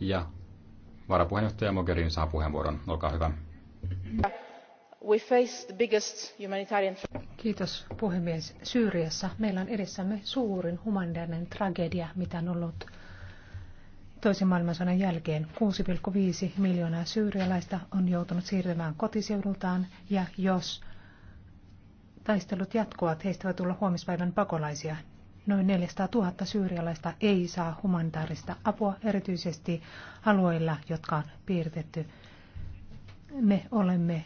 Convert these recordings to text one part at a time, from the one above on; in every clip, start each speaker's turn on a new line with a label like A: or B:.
A: Ja varapuheenjohtaja Mogherini saa puheenvuoron. Olkaa hyvä.
B: We face the biggest humanitarian...
C: Kiitos puhemies. Syyriassa meillä on edessämme suurin humanitaarinen tragedia, mitä on ollut toisen maailmansodan jälkeen 6,5 miljoonaa syyrialaista on joutunut siirtymään kotiseudultaan ja jos taistelut jatkuvat, heistä voi tulla huomispäivän pakolaisia. Noin 400 000 syyrialaista ei saa humanitaarista apua, erityisesti alueilla, jotka on piirtetty. Me olemme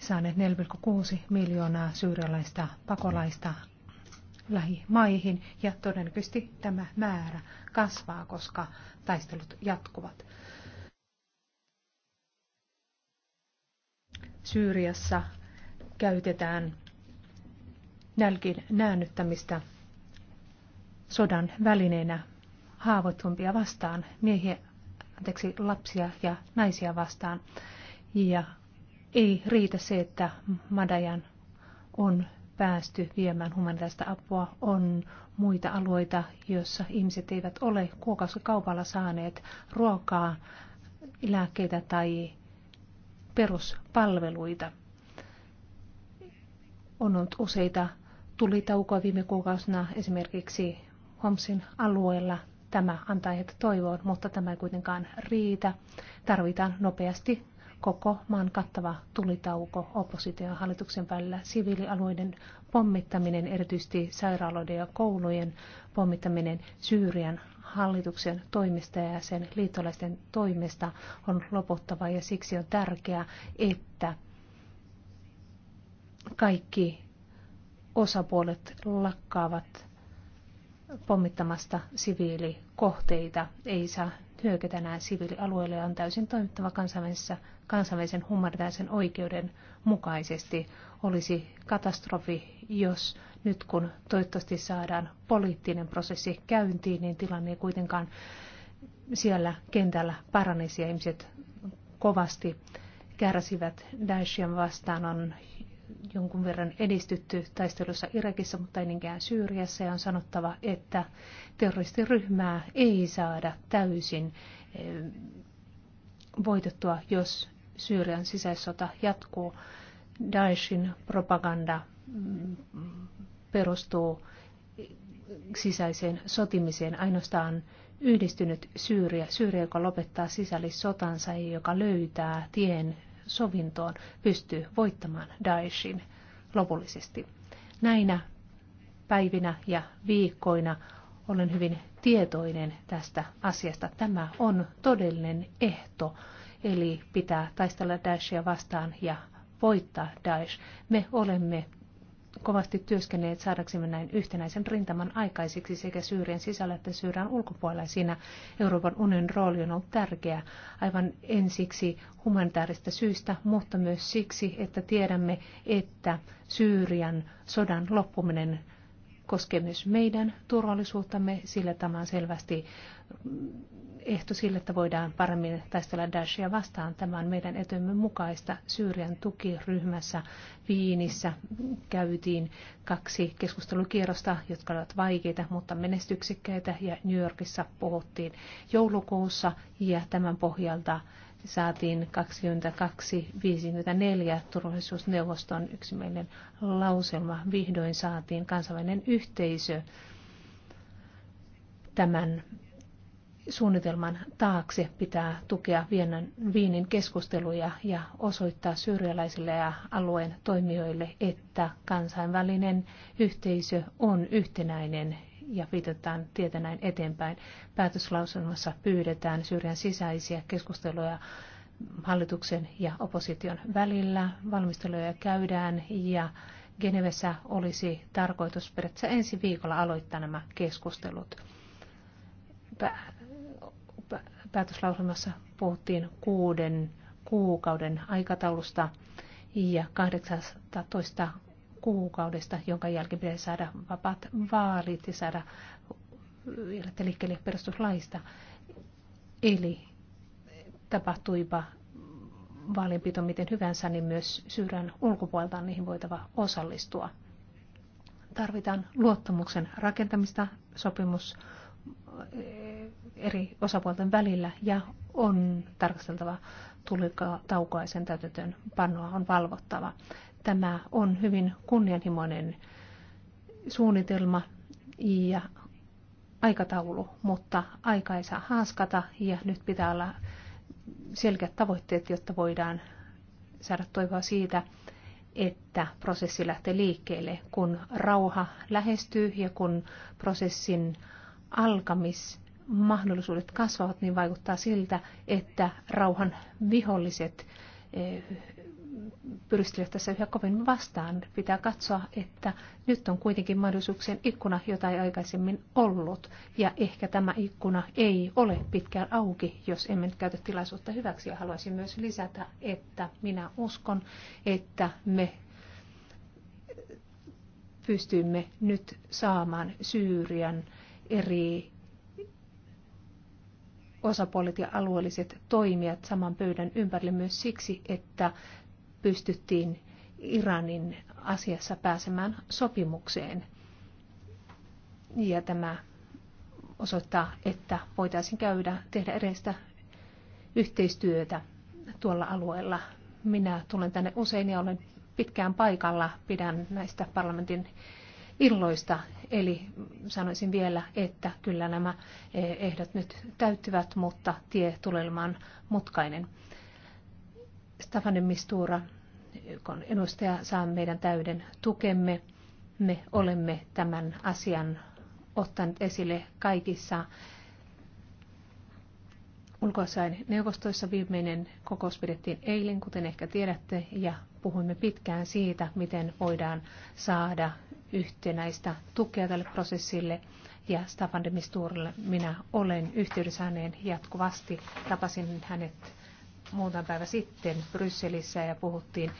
C: saaneet 4,6 miljoonaa syyrialaista pakolaista lähimaihin ja todennäköisesti tämä määrä kasvaa, koska taistelut jatkuvat. Syyriassa käytetään nälkin näännyttämistä sodan välineenä haavoittumpia vastaan, miehiä, anteeksi, lapsia ja naisia vastaan. Ja ei riitä se, että Madajan on päästy viemään humanitaista apua. On muita alueita, joissa ihmiset eivät ole kaupalla saaneet ruokaa, lääkkeitä tai peruspalveluita. On ollut useita tulitaukoa viime kuukausina esimerkiksi Homsin alueella tämä antaa heitä toivoon, mutta tämä ei kuitenkaan riitä. Tarvitaan nopeasti koko maan kattava tulitauko opposition hallituksen välillä. Siviilialueiden pommittaminen, erityisesti sairaaloiden ja koulujen pommittaminen Syyrian hallituksen toimesta ja sen liittolaisten toimesta on loputtava ja siksi on tärkeää, että kaikki osapuolet lakkaavat pommittamasta siviilikohteita. Ei saa hyökätä enää siviilialueelle ja on täysin toimittava kansainvälisen, kansainvälisen humanitaarisen oikeuden mukaisesti. Olisi katastrofi, jos nyt kun toivottavasti saadaan poliittinen prosessi käyntiin, niin tilanne ei kuitenkaan siellä kentällä paranisi ja ihmiset kovasti kärsivät Daeshian vastaan on jonkun verran edistytty taistelussa Irakissa, mutta eninkään Syyriassa. Ja on sanottava, että terroristiryhmää ei saada täysin eh, voitettua, jos Syyrian sisäissota jatkuu. Daeshin propaganda mm, perustuu sisäiseen sotimiseen ainoastaan yhdistynyt Syyriä, Syyriä, joka lopettaa sisällissotansa ja joka löytää tien sovintoon, pystyy voittamaan Daeshin lopullisesti. Näinä päivinä ja viikkoina olen hyvin tietoinen tästä asiasta. Tämä on todellinen ehto, eli pitää taistella Daeshia vastaan ja voittaa Daesh. Me olemme kovasti työskennelleet saadaksemme näin yhtenäisen rintaman aikaiseksi sekä Syyrian sisällä että Syyrian ulkopuolella. Siinä Euroopan unionin rooli on ollut tärkeä aivan ensiksi humanitaarista syistä, mutta myös siksi, että tiedämme, että Syyrian sodan loppuminen koskee myös meidän turvallisuuttamme, sillä tämä on selvästi ehto sille, että voidaan paremmin taistella Daeshia vastaan. Tämä on meidän etymme mukaista. Syyrian tukiryhmässä Viinissä käytiin kaksi keskustelukierrosta, jotka olivat vaikeita, mutta menestyksekkäitä, ja New Yorkissa puhuttiin joulukuussa, ja tämän pohjalta saatiin 2254 turvallisuusneuvoston yksimielinen lauselma. Vihdoin saatiin kansainvälinen yhteisö tämän suunnitelman taakse pitää tukea Viennan, Viinin keskusteluja ja osoittaa syrjäläisille ja alueen toimijoille, että kansainvälinen yhteisö on yhtenäinen ja viitataan tietä näin eteenpäin. Päätöslausunnossa pyydetään syrjän sisäisiä keskusteluja hallituksen ja opposition välillä. Valmisteluja käydään ja Genevessä olisi tarkoitus periaatteessa ensi viikolla aloittaa nämä keskustelut. päätöslausunnossa puhuttiin kuuden kuukauden aikataulusta ja 18 kuukaudesta, jonka jälkeen pitäisi saada vapaat vaalit ja saada liikkeelle perustuslaista. Eli tapahtuipa vaalinpito miten hyvänsä, niin myös syyrän ulkopuolelta on niihin voitava osallistua. Tarvitaan luottamuksen rakentamista sopimus eh, eri osapuolten välillä ja on tarkasteltava taukoa ja sen täytetön panoa on valvottava. Tämä on hyvin kunnianhimoinen suunnitelma ja aikataulu, mutta aika ei saa haaskata ja nyt pitää olla selkeät tavoitteet, jotta voidaan saada toivoa siitä, että prosessi lähtee liikkeelle, kun rauha lähestyy ja kun prosessin alkamismahdollisuudet kasvavat, niin vaikuttaa siltä, että rauhan viholliset eh, pyrstelevät tässä yhä kovin vastaan. Pitää katsoa, että nyt on kuitenkin mahdollisuuksien ikkuna, jota ei aikaisemmin ollut. Ja ehkä tämä ikkuna ei ole pitkään auki, jos emme nyt käytä tilaisuutta hyväksi. Ja haluaisin myös lisätä, että minä uskon, että me pystymme nyt saamaan Syyrian eri osapuolet ja alueelliset toimijat saman pöydän ympärille myös siksi, että pystyttiin Iranin asiassa pääsemään sopimukseen. Ja tämä osoittaa, että voitaisiin käydä, tehdä edestä yhteistyötä tuolla alueella. Minä tulen tänne usein ja olen pitkään paikalla, pidän näistä parlamentin illoista. Eli sanoisin vielä, että kyllä nämä eh, ehdot nyt täyttyvät, mutta tie tulee olemaan mutkainen. Stafanen Mistura, kun edustaja saa meidän täyden tukemme. Me olemme tämän asian ottaneet esille kaikissa ulkoasain neuvostoissa. Viimeinen kokous pidettiin eilen, kuten ehkä tiedätte, ja puhuimme pitkään siitä, miten voidaan saada yhtenäistä tukea tälle prosessille ja Staffan de Misturille. Minä olen yhteydessä häneen jatkuvasti. Tapasin hänet muutama päivä sitten Brysselissä ja puhuttiin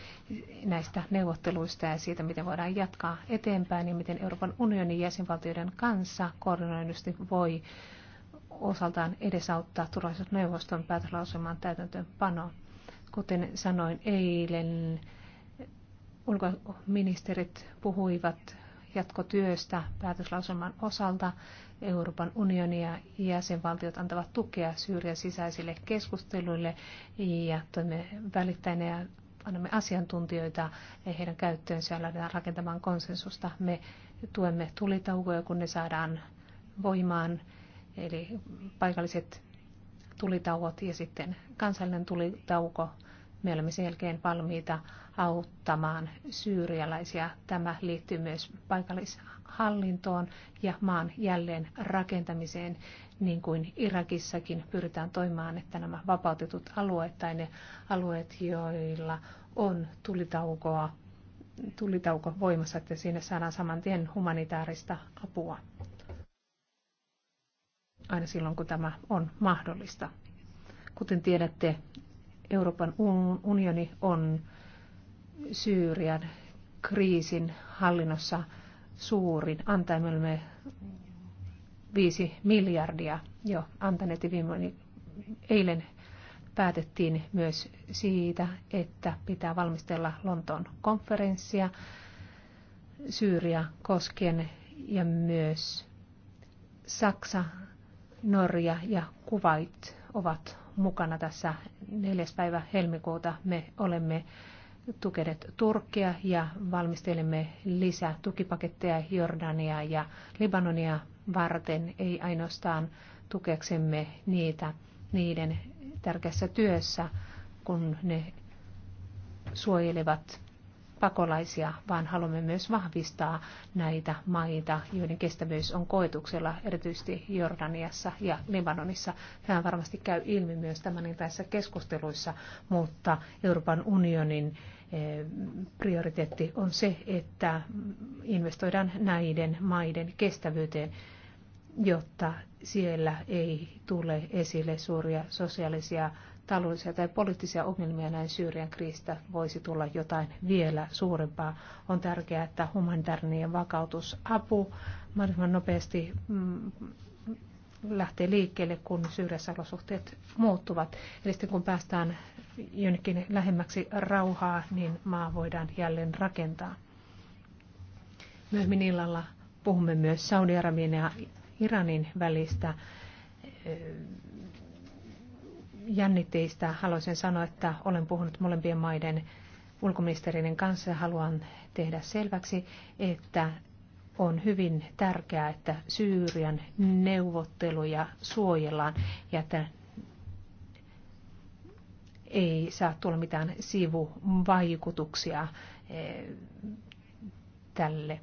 C: näistä neuvotteluista ja siitä, miten voidaan jatkaa eteenpäin ja miten Euroopan unionin jäsenvaltioiden kanssa koordinoidusti voi osaltaan edesauttaa turvallisuusneuvoston päätöslauselman täytäntöönpanoa. Kuten sanoin eilen, ulkoministerit puhuivat jatkotyöstä päätöslauselman osalta. Euroopan unioni ja jäsenvaltiot antavat tukea Syyrian sisäisille keskusteluille ja toimme välittäjänä ja annamme asiantuntijoita heidän käyttöönsä ja lähdetään rakentamaan konsensusta. Me tuemme tulitaukoja, kun ne saadaan voimaan, eli paikalliset tulitauot ja sitten kansallinen tulitauko. Me olemme sen jälkeen valmiita auttamaan syyrialaisia. Tämä liittyy myös paikallishallintoon ja maan jälleen rakentamiseen, niin kuin Irakissakin pyritään toimimaan, että nämä vapautetut alueet tai ne alueet, joilla on tulitaukoa, tulitauko voimassa, että siinä saadaan saman tien humanitaarista apua aina silloin, kun tämä on mahdollista. Kuten tiedätte, Euroopan unioni on Syyrian kriisin hallinnossa suurin. Antaa me olemme 5 miljardia jo antaneet viime eilen päätettiin myös siitä, että pitää valmistella Lontoon konferenssia Syyria koskien ja myös Saksa, Norja ja Kuwait ovat mukana tässä 4. päivä helmikuuta. Me olemme tukeneet Turkkia ja valmistelemme lisää tukipaketteja Jordania ja Libanonia varten, ei ainoastaan tukeksemme niitä niiden tärkeässä työssä, kun ne suojelevat pakolaisia, vaan haluamme myös vahvistaa näitä maita, joiden kestävyys on koetuksella, erityisesti Jordaniassa ja Libanonissa. Tämä varmasti käy ilmi myös tämän iltaisissa keskusteluissa, mutta Euroopan unionin prioriteetti on se, että investoidaan näiden maiden kestävyyteen, jotta siellä ei tule esille suuria sosiaalisia, taloudellisia tai poliittisia ongelmia näin Syyrian kriisistä voisi tulla jotain vielä suurempaa. On tärkeää, että humanitaarinen vakautusapu mahdollisimman nopeasti mm, lähtee liikkeelle, kun Syyriassa olosuhteet muuttuvat. Eli sitten kun päästään jonnekin lähemmäksi rauhaa, niin maa voidaan jälleen rakentaa. Myöhemmin illalla puhumme myös Saudi-Arabian ja Iranin välistä eh, jännitteistä. Haluaisin sanoa, että olen puhunut molempien maiden ulkoministerien kanssa ja haluan tehdä selväksi, että on hyvin tärkeää, että Syyrian neuvotteluja suojellaan ja että ei saa tulla mitään sivuvaikutuksia eh, tälle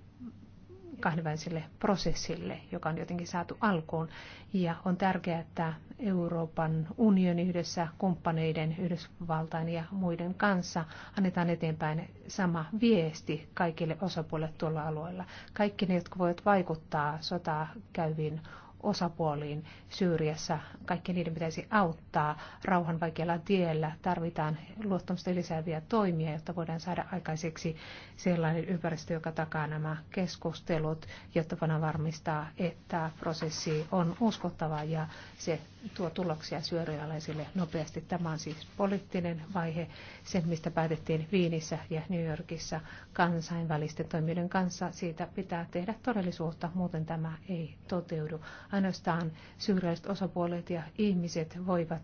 C: kahdenväliselle prosessille, joka on jotenkin saatu alkuun. Ja on tärkeää, että Euroopan unioni yhdessä kumppaneiden, Yhdysvaltain ja muiden kanssa annetaan eteenpäin sama viesti kaikille osapuolille tuolla alueella. Kaikki ne, jotka voivat vaikuttaa sotaa käyviin osapuoliin Syyriassa. Kaikkien niiden pitäisi auttaa rauhan vaikealla tiellä. Tarvitaan luottamusta lisääviä toimia, jotta voidaan saada aikaiseksi sellainen ympäristö, joka takaa nämä keskustelut, jotta voidaan varmistaa, että prosessi on uskottava ja se tuo tuloksia syyrialaisille nopeasti. Tämä on siis poliittinen vaihe, se mistä päätettiin Viinissä ja New Yorkissa kansainvälisten toimijoiden kanssa. Siitä pitää tehdä todellisuutta, muuten tämä ei toteudu. Ainoastaan syyrialaiset osapuolet ja ihmiset voivat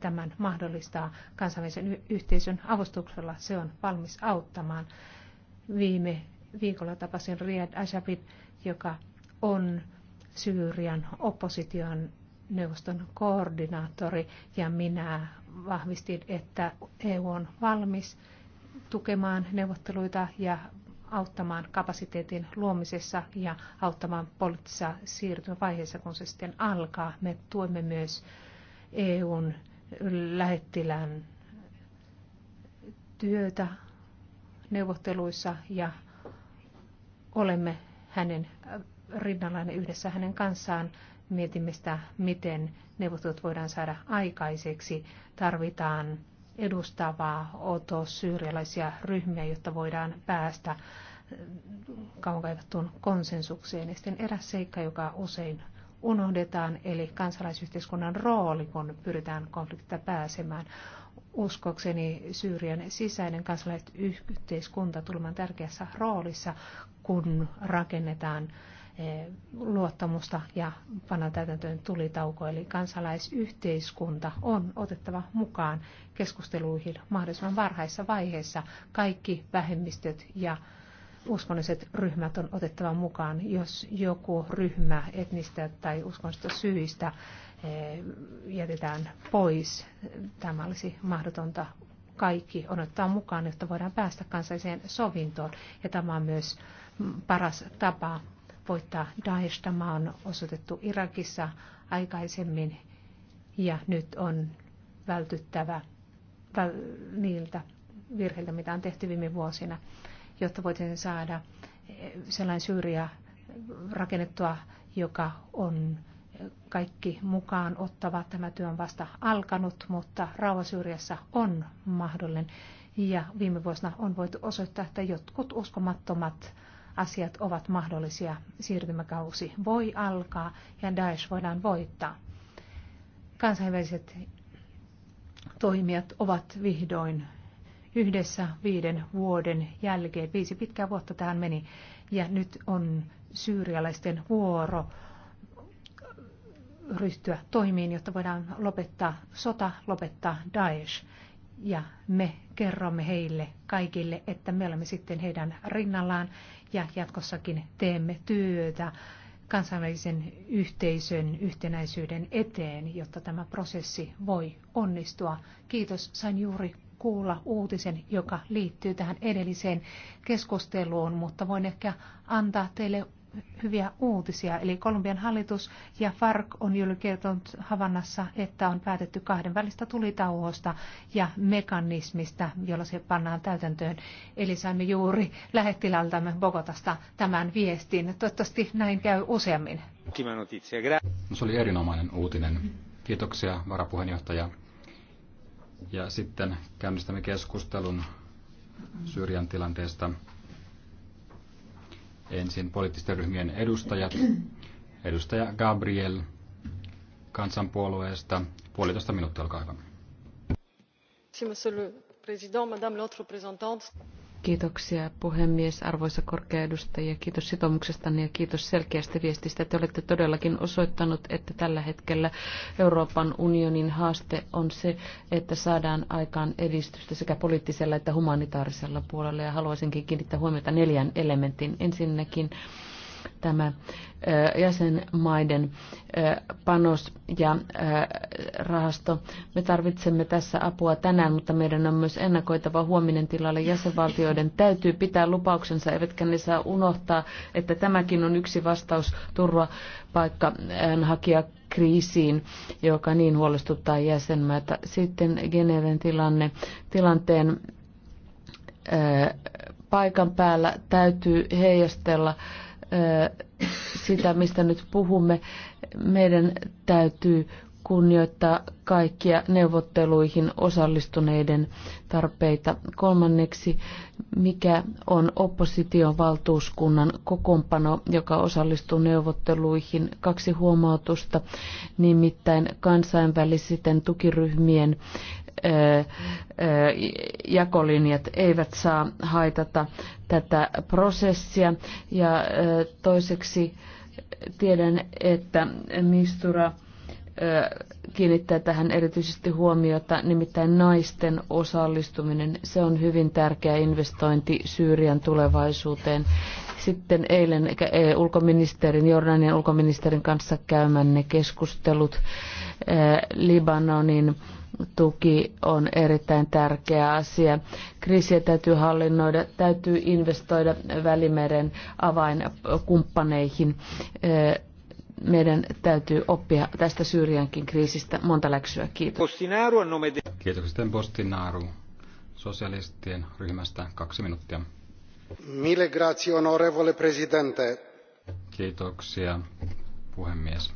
C: tämän mahdollistaa kansainvälisen yhteisön avustuksella. Se on valmis auttamaan. Viime viikolla tapasin Riyad Ashabin, joka on Syyrian opposition neuvoston koordinaattori ja minä vahvistin, että EU on valmis tukemaan neuvotteluita ja auttamaan kapasiteetin luomisessa ja auttamaan poliittisessa siirtymävaiheessa, kun se sitten alkaa. Me tuemme myös EUn lähettilän työtä neuvotteluissa ja olemme hänen rinnallaan yhdessä hänen kanssaan mietimme sitä, miten neuvottelut voidaan saada aikaiseksi. Tarvitaan edustavaa otos syyrialaisia ryhmiä, jotta voidaan päästä kauan kaivattuun konsensukseen. Ja sitten eräs seikka, joka usein unohdetaan, eli kansalaisyhteiskunnan rooli, kun pyritään konfliktista pääsemään. Uskokseni Syyrian sisäinen kansalaisyhteiskunta tulemaan tärkeässä roolissa, kun rakennetaan Eh, luottamusta ja pannaan täytäntöön tulitauko. Eli kansalaisyhteiskunta on otettava mukaan keskusteluihin mahdollisimman varhaisessa vaiheessa. Kaikki vähemmistöt ja uskonnolliset ryhmät on otettava mukaan, jos joku ryhmä etnistä tai uskonnollisista syistä eh, jätetään pois. Tämä olisi mahdotonta kaikki on ottaa mukaan, jotta voidaan päästä kansalliseen sovintoon. Ja tämä on myös paras tapa voittaa Daesh. Tämä on osoitettu Irakissa aikaisemmin ja nyt on vältyttävä väl, niiltä virheiltä, mitä on tehty viime vuosina, jotta voitaisiin saada eh, sellainen syyria rakennettua, joka on kaikki mukaan ottava. Tämä työ on vasta alkanut, mutta rauha Syyriassa on mahdollinen. Ja viime vuosina on voitu osoittaa, että jotkut uskomattomat asiat ovat mahdollisia. Siirtymäkausi voi alkaa ja Daesh voidaan voittaa. Kansainväliset toimijat ovat vihdoin yhdessä viiden vuoden jälkeen. Viisi pitkää vuotta tähän meni ja nyt on syyrialaisten vuoro ryhtyä toimiin, jotta voidaan lopettaa sota, lopettaa Daesh ja me kerromme heille kaikille, että me olemme sitten heidän rinnallaan ja jatkossakin teemme työtä kansainvälisen yhteisön yhtenäisyyden eteen, jotta tämä prosessi voi onnistua. Kiitos, sain juuri kuulla uutisen, joka liittyy tähän edelliseen keskusteluun, mutta voin ehkä antaa teille hyviä uutisia. Eli Kolumbian hallitus ja FARC on juuri kertonut Havannassa, että on päätetty kahden välistä tulitauosta ja mekanismista, jolla se pannaan täytäntöön. Eli saimme juuri lähettilältämme Bogotasta tämän viestin. Toivottavasti näin käy useammin.
A: No, se oli erinomainen uutinen. Kiitoksia varapuheenjohtaja. Ja sitten käynnistämme keskustelun Syyrian tilanteesta. Ensin poliittisten ryhmien edustajat. Edustaja Gabriel kansanpuolueesta. Puolitoista minuuttia, olkaa hyvä.
D: Kiitoksia puhemies, arvoisa korkea edustaja. Kiitos sitoumuksestanne ja kiitos selkeästä viestistä. Te olette todellakin osoittanut, että tällä hetkellä Euroopan unionin haaste on se, että saadaan aikaan edistystä sekä poliittisella että humanitaarisella puolella. Ja haluaisinkin kiinnittää huomiota neljän elementin. Ensinnäkin tämä jäsenmaiden panos ja rahasto. Me tarvitsemme tässä apua tänään, mutta meidän on myös ennakoitava huominen tilalle. Jäsenvaltioiden täytyy pitää lupauksensa, eivätkä ne saa unohtaa, että tämäkin on yksi vastaus hakia kriisiin, joka niin huolestuttaa jäsenmaita. Sitten Geneven tilanne, tilanteen paikan päällä täytyy heijastella sitä, mistä nyt puhumme, meidän täytyy kunnioittaa kaikkia neuvotteluihin osallistuneiden tarpeita. Kolmanneksi, mikä on opposition valtuuskunnan kokoonpano, joka osallistuu neuvotteluihin? Kaksi huomautusta, nimittäin kansainvälisten tukiryhmien jakolinjat eivät saa haitata tätä prosessia. Ja toiseksi tiedän, että Mistura kiinnittää tähän erityisesti huomiota, nimittäin naisten osallistuminen. Se on hyvin tärkeä investointi Syyrian tulevaisuuteen. Sitten eilen e, ulkoministerin, Jordanian ulkoministerin kanssa käymänne keskustelut e, Libanonin tuki on erittäin tärkeä asia. Kriisiä täytyy hallinnoida, täytyy investoida Välimeren avainkumppaneihin. E, meidän täytyy oppia tästä Syyriankin kriisistä monta läksyä.
A: Kiitos. Postinaru on nome Kiitoksia sitten Postinaru sosialistien ryhmästä. Kaksi minuuttia. Mille grazie, onorevole presidente. Kiitoksia, puhemies.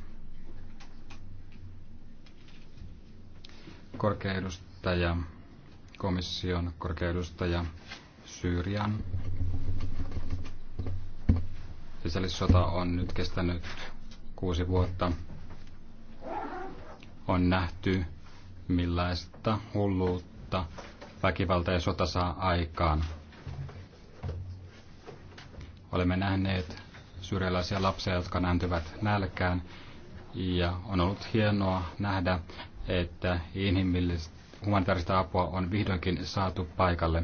A: Korkea edustaja, komission korkea edustaja Syyrian sisällissota on nyt kestänyt kuusi vuotta on nähty, millaista hulluutta väkivalta ja sota saa aikaan. Olemme nähneet syrjäläisiä lapsia, jotka nääntyvät nälkään, ja on ollut hienoa nähdä, että inhimillistä humanitaarista apua on vihdoinkin saatu paikalle.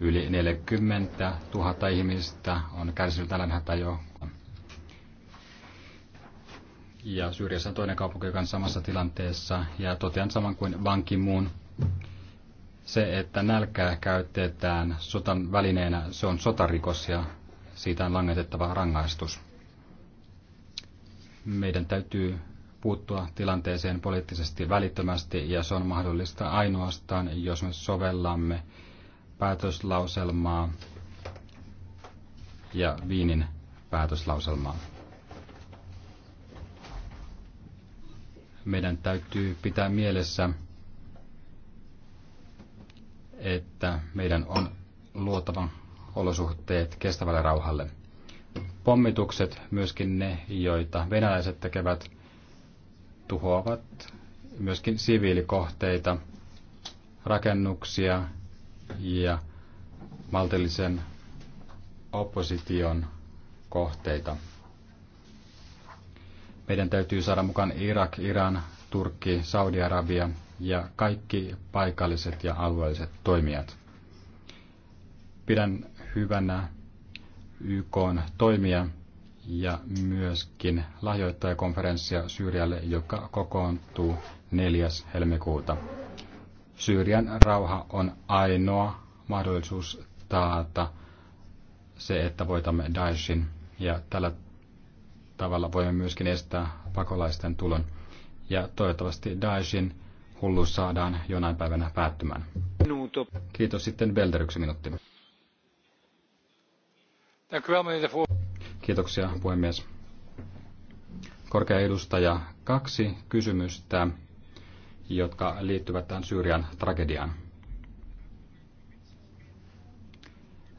A: Yli 40 000 ihmistä on kärsinyt nälänhätä jo ja Syyriassa on toinen kaupunki, joka on samassa tilanteessa. Ja totean saman kuin vankimuun. Se, että nälkää käytetään sotan välineenä, se on sotarikos ja siitä on langetettava rangaistus. Meidän täytyy puuttua tilanteeseen poliittisesti välittömästi ja se on mahdollista ainoastaan, jos me sovellamme päätöslauselmaa ja Viinin päätöslauselmaa. meidän täytyy pitää mielessä, että meidän on luotava olosuhteet kestävälle rauhalle. Pommitukset, myöskin ne, joita venäläiset tekevät, tuhoavat myöskin siviilikohteita, rakennuksia ja maltillisen opposition kohteita. Meidän täytyy saada mukaan Irak, Iran, Turkki, Saudi-Arabia ja kaikki paikalliset ja alueelliset toimijat. Pidän hyvänä YK toimia ja myöskin lahjoittajakonferenssia Syyrialle, joka kokoontuu 4. helmikuuta. Syyrian rauha on ainoa mahdollisuus taata se, että voitamme Daeshin. Ja tällä tavalla voimme myöskin estää pakolaisten tulon. Ja toivottavasti Daeshin hulluus saadaan jonain päivänä päättymään. Minuuto. Kiitos sitten Belder yksi minuutti. Kiitoksia puhemies. Korkea edustaja, kaksi kysymystä, jotka liittyvät tähän Syyrian tragediaan.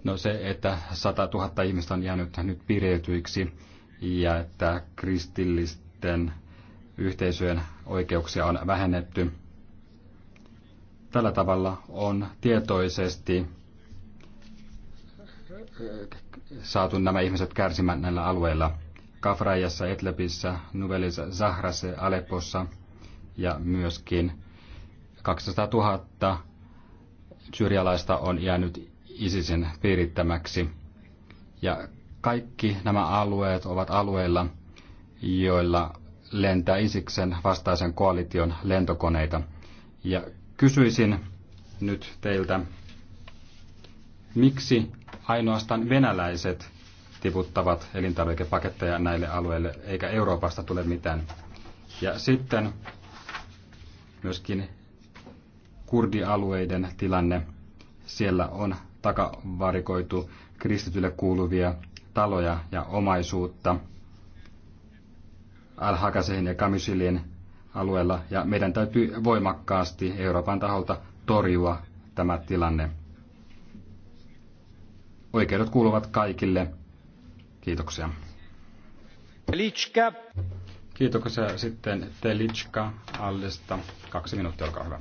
A: No se, että 100 000 ihmistä on jäänyt nyt piireytyiksi ja että kristillisten yhteisöjen oikeuksia on vähennetty. Tällä tavalla on tietoisesti äh, saatu nämä ihmiset kärsimään näillä alueilla. Kafrajassa, Etlepissä, Nuvelissa, Zahrase, Aleppossa ja myöskin 200 000 syyrialaista on jäänyt ISISin piirittämäksi. Ja kaikki nämä alueet ovat alueilla, joilla lentää Isiksen vastaisen koalition lentokoneita. Ja kysyisin nyt teiltä, miksi ainoastaan venäläiset tiputtavat elintarvikepaketteja näille alueille, eikä Euroopasta tule mitään. Ja sitten myöskin kurdialueiden tilanne. Siellä on takavarikoitu kristityille kuuluvia taloja ja omaisuutta al ja Kamisilin alueella, ja meidän täytyy voimakkaasti Euroopan taholta torjua tämä tilanne. Oikeudet kuuluvat kaikille. Kiitoksia. Litska. Kiitoksia sitten Telitska Allesta. Kaksi minuuttia, olkaa hyvä.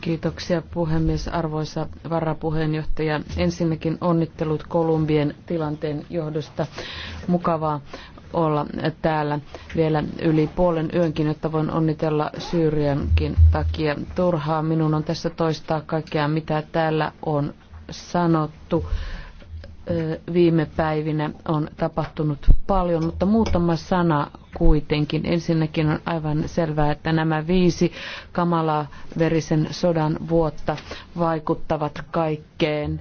D: Kiitoksia puhemies, arvoisa varapuheenjohtaja. Ensinnäkin onnittelut Kolumbien tilanteen johdosta. Mukavaa olla täällä vielä yli puolen yönkin, jotta voin onnitella Syyriankin takia. Turhaa minun on tässä toistaa kaikkea, mitä täällä on sanottu viime päivinä on tapahtunut paljon, mutta muutama sana kuitenkin. Ensinnäkin on aivan selvää, että nämä viisi kamalaa verisen sodan vuotta vaikuttavat kaikkeen.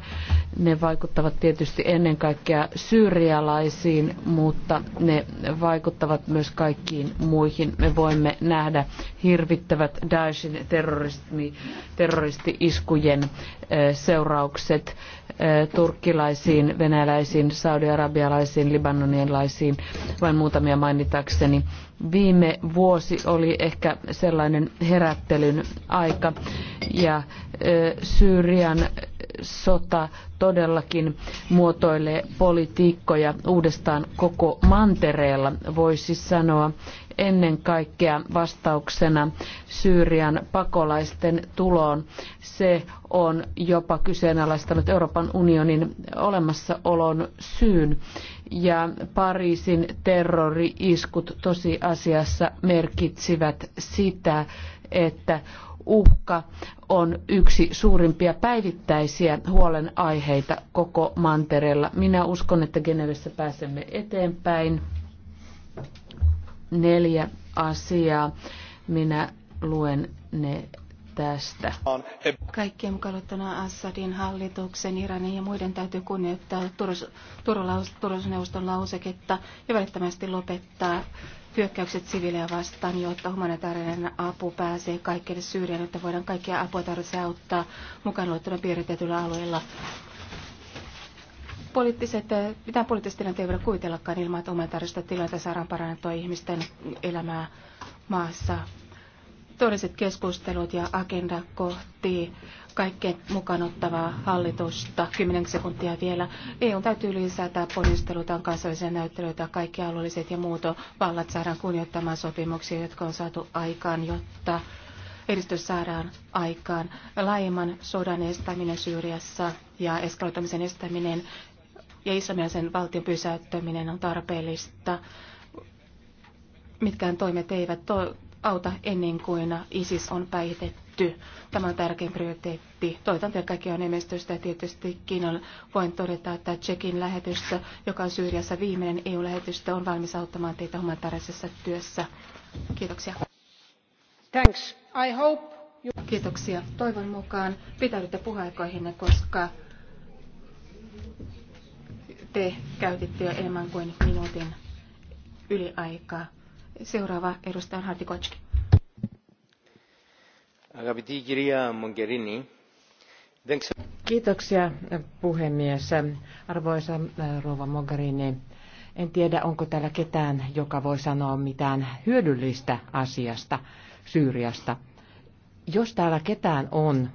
D: Ne vaikuttavat tietysti ennen kaikkea syyrialaisiin, mutta ne vaikuttavat myös kaikkiin muihin. Me voimme nähdä hirvittävät Daeshin terroristi-iskujen eh, seuraukset eh, turkkilaisiin, venäläisiin, saudiarabialaisiin, libanonialaisiin, vain muutamia mainitakseni kysymykseni. Viime vuosi oli ehkä sellainen herättelyn aika ja Syyrian sota todellakin muotoilee politiikkoja uudestaan koko mantereella, voisi sanoa ennen kaikkea vastauksena Syyrian pakolaisten tuloon. Se on jopa kyseenalaistanut Euroopan unionin olemassaolon syyn ja Pariisin terrori-iskut tosiasiassa merkitsivät sitä, että uhka on yksi suurimpia päivittäisiä huolenaiheita koko mantereella. Minä uskon, että Genevessä pääsemme eteenpäin. Neljä asiaa. Minä luen ne tästä. Kaikkien mukaan
B: Assadin hallituksen, Iranin ja muiden täytyy kunnioittaa turvallisuusneuvoston lauseketta ja välittömästi lopettaa hyökkäykset siviilejä vastaan, jotta humanitaarinen apu pääsee kaikille Syyriaan, että voidaan kaikkia apua tarvitse auttaa mukaan luettuna piirretetyillä alueilla. Poliittiset, eh, mitään poliittista tilanteita ei voida kuvitellakaan ilman, että humanitaarista tilanteita saadaan parannettua ihmisten elämää maassa todelliset keskustelut ja agenda kohti kaikkein mukanottavaa hallitusta. kymmenen sekuntia vielä. EU täytyy lisätä on kansallisia näyttelyitä. Kaikki alueelliset ja muut vallat saadaan kunnioittamaan sopimuksia, jotka on saatu aikaan, jotta edistys saadaan aikaan. Laajemman sodan estäminen Syyriassa ja eskaloitamisen estäminen ja islamilaisen valtion pysäyttäminen on tarpeellista. Mitkään toimet eivät to- auta ennen kuin ISIS on päihitetty. Tämä on tärkein prioriteetti. Toivotan teille kaikkia enemmistöstä ja tietystikin on, voin todeta, että Tsekin lähetystä joka on Syyriassa viimeinen eu lähetystä on valmis auttamaan teitä humanitaarisessa työssä. Kiitoksia. Thanks. I hope you... Kiitoksia. Toivon mukaan pitäydytte puheaikoihinne, koska te käytitte jo enemmän kuin minuutin yliaikaa. Seuraava edustaja Kotski.
E: Kiitoksia puhemies. Arvoisa äh, rouva Mogherini, en tiedä, onko täällä ketään, joka voi sanoa mitään hyödyllistä asiasta Syyriasta. Jos täällä ketään on,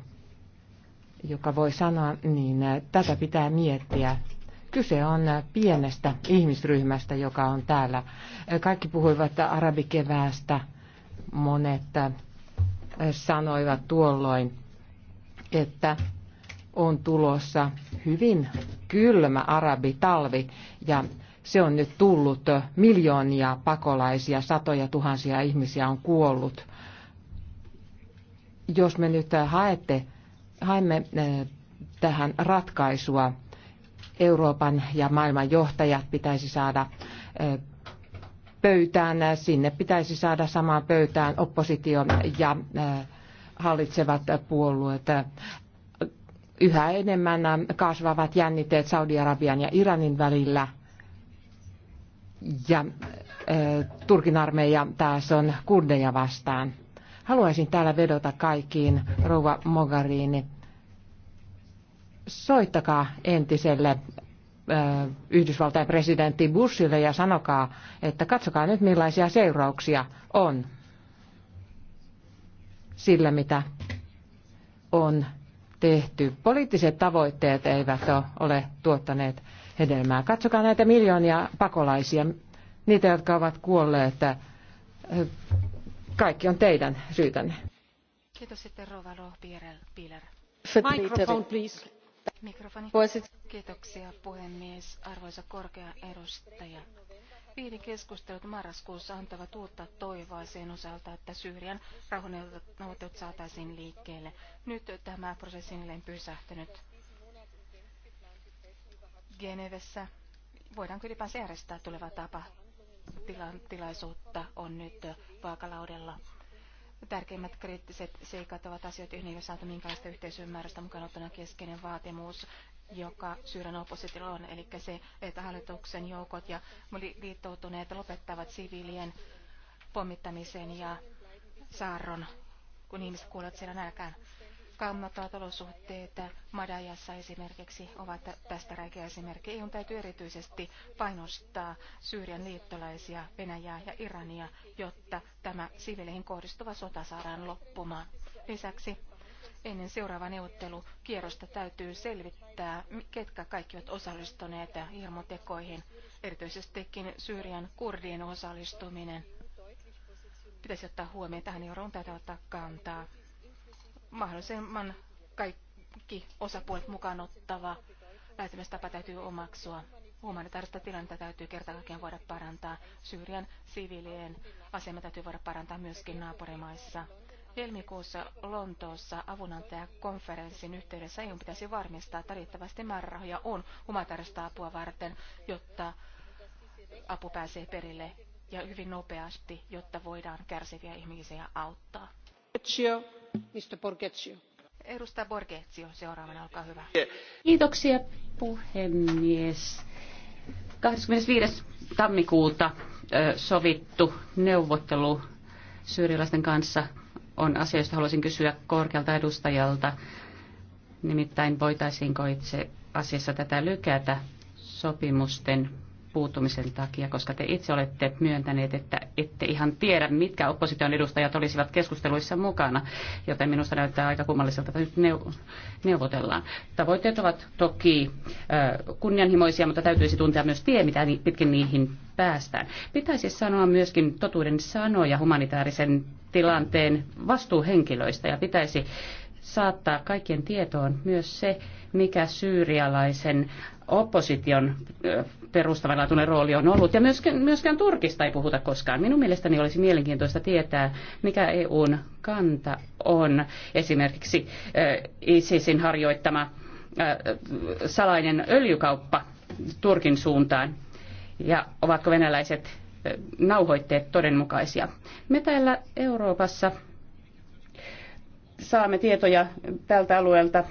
E: joka voi sanoa, niin äh, tätä pitää miettiä Kyse on pienestä ihmisryhmästä, joka on täällä. Kaikki puhuivat arabikeväästä, monet äh, sanoivat tuolloin, että on tulossa hyvin kylmä arabitalvi ja se on nyt tullut miljoonia pakolaisia, satoja tuhansia ihmisiä on kuollut. Jos me nyt haette, haemme äh, tähän ratkaisua, Euroopan ja maailman johtajat pitäisi saada pöytään. Sinne pitäisi saada samaan pöytään oppositio ja hallitsevat puolueet. Yhä enemmän kasvavat jännitteet Saudi-Arabian ja Iranin välillä. Ja Turkin armeija taas on kurdeja vastaan. Haluaisin täällä vedota kaikkiin, rouva Mogariini soittakaa entiselle Yhdysvaltain presidentti Bushille ja sanokaa, että katsokaa nyt millaisia seurauksia on sillä, mitä on tehty. Poliittiset tavoitteet eivät ole tuottaneet hedelmää. Katsokaa näitä miljoonia pakolaisia, niitä, jotka ovat kuolleet. Kaikki on teidän syytänne.
B: Kiitos sitten Rova Lohpiler. Mikrofon, please arvoisa puhemies, arvoisa korkea edustaja. Viiden keskustelut marraskuussa antavat uutta toivoa sen osalta, että Syyrian rauhanneuvottelut saataisiin liikkeelle. Nyt tämä prosessi on pysähtynyt. Genevessä voidaanko ylipäänsä järjestää tulevaa tapa? tilaisuutta on nyt vaakalaudella. Tärkeimmät kriittiset seikat ovat asiat, joihin ei saatu minkäänlaista yhteisymmärrystä mukaan ottana keskeinen vaatimus, joka Syyrian oppositiolla on, eli se, että hallituksen joukot ja liittoutuneet lopettavat siviilien pommittamisen ja saarron, kun ihmiset kuulevat siellä nälkään. Kammattavat olosuhteet Madajassa esimerkiksi ovat tästä räikeä esimerkki. EU täytyy erityisesti painostaa Syyrian liittolaisia, Venäjää ja Irania, jotta tämä sivileihin kohdistuva sota saadaan loppumaan. Lisäksi ennen seuraavaa neuvottelukierrosta täytyy selvittää, ketkä kaikki ovat osallistuneet hirmutekoihin, erityisestikin Syyrian kurdien osallistuminen. Pitäisi ottaa huomioon, tähän euroon täytyy ottaa kantaa mahdollisimman kaikki osapuolet mukaan ottava lähestymistapa täytyy omaksua. Humanitaarista tilannetta täytyy kerta kaikkiaan voida parantaa. Syyrian siviilien asema täytyy voida parantaa myöskin naapurimaissa. Helmikuussa Lontoossa avunantajakonferenssin yhteydessä EU pitäisi varmistaa, että riittävästi määrärahoja on humanitaarista apua varten, jotta apu pääsee perille ja hyvin nopeasti, jotta voidaan kärsiviä ihmisiä auttaa. Edustaja
A: hyvä.
F: Kiitoksia puhemies. 25. tammikuuta sovittu neuvottelu syyrialaisten kanssa on asia, josta haluaisin kysyä korkealta edustajalta. Nimittäin voitaisiinko itse asiassa tätä lykätä sopimusten puuttumisen takia, koska te itse olette myöntäneet, että ette ihan tiedä, mitkä opposition edustajat olisivat keskusteluissa mukana, joten minusta näyttää aika kummalliselta, että nyt neuvotellaan. Tavoitteet ovat toki kunnianhimoisia, mutta täytyisi tuntea myös tie, mitä pitkin niihin päästään. Pitäisi sanoa myöskin totuuden sanoja humanitaarisen tilanteen vastuuhenkilöistä ja pitäisi saattaa kaikkien tietoon myös se, mikä syyrialaisen opposition perustavanlaatuinen rooli on ollut. Ja myöskään, myöskään Turkista ei puhuta koskaan. Minun mielestäni olisi mielenkiintoista tietää, mikä EUn kanta on esimerkiksi ISISin harjoittama salainen öljykauppa Turkin suuntaan. Ja ovatko venäläiset nauhoitteet todenmukaisia. Me täällä Euroopassa saamme tietoja tältä alueelta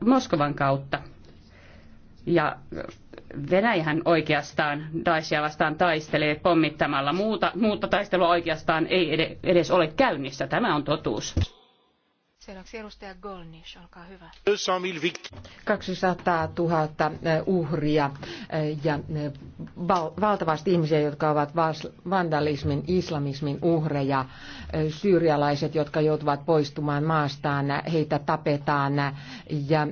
F: Moskovan kautta ja Venäjähän oikeastaan Daeshia vastaan taistelee pommittamalla. Muuta, muuta taistelua oikeastaan ei edes ole käynnissä. Tämä on totuus.
E: Seuraavaksi edustaja Golnish, olkaa hyvä. 200 000 uhria ja valtavasti ihmisiä, jotka ovat vandalismin, islamismin uhreja. Syyrialaiset, jotka joutuvat poistumaan maastaan, heitä tapetaan ja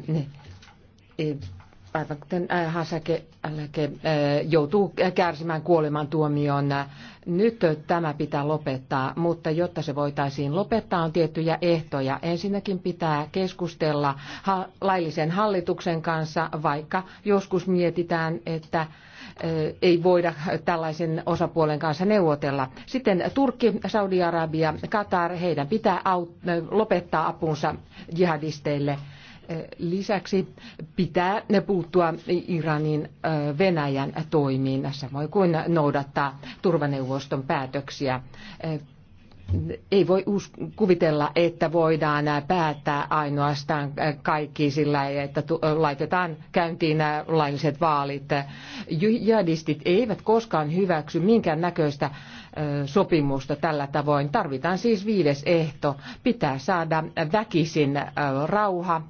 E: aivan kuten äh, Hasake äh, joutuu kärsimään kuolemantuomioon. Nyt tämä pitää lopettaa, mutta jotta se voitaisiin lopettaa, on tiettyjä ehtoja. Ensinnäkin pitää keskustella laillisen hallituksen kanssa, vaikka joskus mietitään, että äh, ei voida tällaisen osapuolen kanssa neuvotella. Sitten Turkki, Saudi-Arabia, Katar, heidän pitää aut- lopettaa apunsa jihadisteille Eh, lisäksi pitää puuttua Iranin eh, Venäjän toimiin, samoin kuin noudattaa turvaneuvoston päätöksiä. Eh, ei voi kuvitella, että voidaan päättää ainoastaan kaikki sillä, että laitetaan käyntiin nämä lailliset vaalit. Jihadistit eivät koskaan hyväksy minkään näköistä sopimusta tällä tavoin. Tarvitaan siis viides ehto. Pitää saada väkisin rauha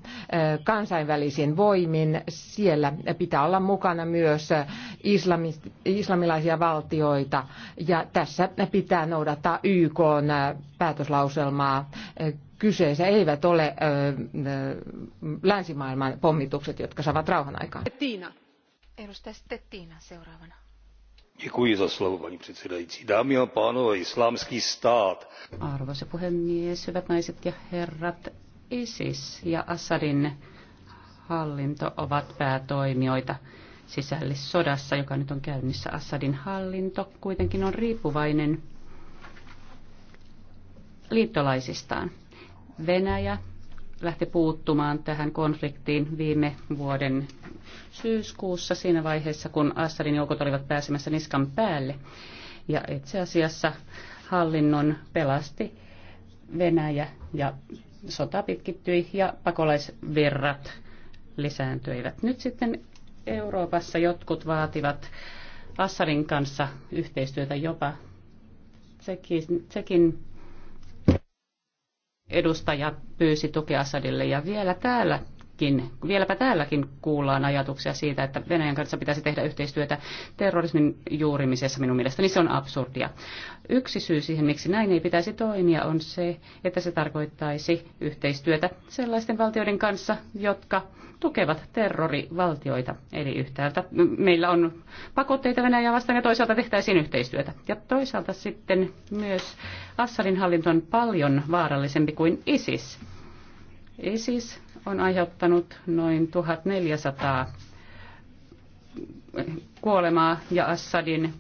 E: kansainvälisin voimin. Siellä pitää olla mukana myös islamilaisia valtioita ja tässä pitää noudattaa YK päätöslauselmaa kyseessä eivät ole länsimaailman pommitukset, jotka saavat rauhan aikaan.
B: Tiina. Edustaja Stettina seuraavana
A: paní předsedající dámy a pánové islámský stát. arvoisa
F: puhemies hyvät naiset ja herrat isis ja assadin hallinto ovat päätoimijoita sisällissodassa joka nyt on käynnissä. assadin hallinto kuitenkin on riippuvainen liittolaisistaan. venäjä lähti puuttumaan tähän konfliktiin viime vuoden syyskuussa siinä vaiheessa, kun Assadin joukot olivat pääsemässä niskan päälle. Ja itse asiassa hallinnon pelasti Venäjä ja sota pitkittyi ja pakolaisvirrat lisääntyivät. Nyt sitten Euroopassa jotkut vaativat Assadin kanssa yhteistyötä jopa Tsekin, Tsekin edustaja pyysi tukea Assadille. Ja vielä täällä täälläkin, vieläpä täälläkin kuullaan ajatuksia siitä, että Venäjän kanssa pitäisi tehdä yhteistyötä terrorismin juurimisessa minun mielestäni se on absurdia. Yksi syy siihen, miksi näin ei pitäisi toimia, on se, että se tarkoittaisi yhteistyötä sellaisten valtioiden kanssa, jotka tukevat terrorivaltioita. Eli yhtäältä meillä on pakotteita Venäjää vastaan ja toisaalta tehtäisiin yhteistyötä. Ja toisaalta sitten myös Assadin hallinto on paljon vaarallisempi kuin ISIS. ISIS on aiheuttanut noin 1400 kuolemaa ja Assadin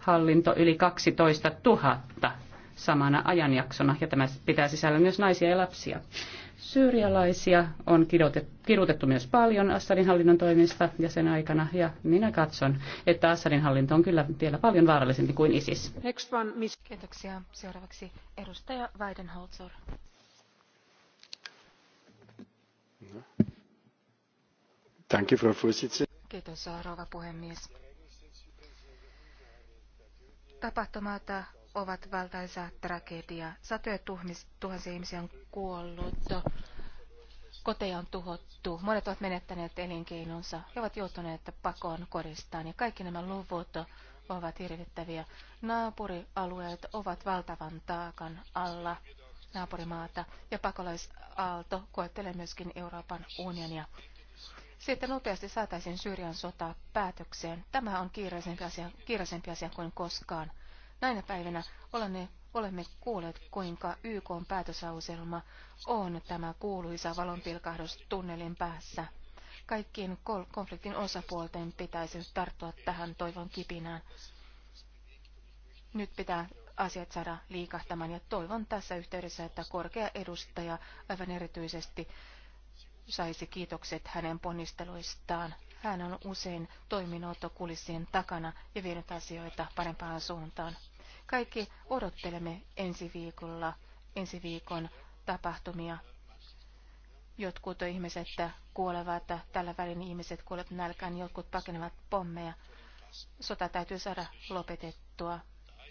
F: hallinto yli 12 000 samana ajanjaksona, ja tämä pitää sisällä myös naisia ja lapsia. Syyrialaisia on kidutettu myös paljon Assadin hallinnon toimista ja sen aikana, ja minä katson, että Assadin hallinto on kyllä vielä paljon vaarallisempi kuin ISIS.
B: Kiitoksia. Seuraavaksi edustaja Weidenholzer. Kiitos, puhemies. Tapahtumat ovat valtaisa tragedia. Satoja tuhansia ihmisiä on kuollut, koteja on tuhottu, monet ovat menettäneet elinkeinonsa, ja ovat joutuneet pakoon koristaan. ja kaikki nämä luvut ovat hirvittäviä. Naapurialueet ovat valtavan taakan alla naapurimaata ja pakolaisaalto koettelee myöskin Euroopan unionia. Sitten nopeasti saataisiin Syyrian sotaa päätökseen. Tämä on kiireisempi asia, kiireisempi asia kuin koskaan. Näinä päivinä olemme, olemme kuulleet, kuinka YK on päätösauselma on tämä kuuluisa valonpilkahdus tunnelin päässä. Kaikkiin konfliktin osapuolten pitäisi tarttua tähän toivon kipinään. Nyt pitää asiat saada liikahtamaan. Ja toivon tässä yhteydessä, että korkea edustaja aivan erityisesti saisi kiitokset hänen ponnisteluistaan. Hän on usein toiminut kulissien takana ja vienyt asioita parempaan suuntaan. Kaikki odottelemme ensi viikolla, ensi viikon tapahtumia. Jotkut ihmiset kuolevat, tällä välin ihmiset kuolevat nälkään, jotkut pakenevat pommeja. Sota täytyy saada lopetettua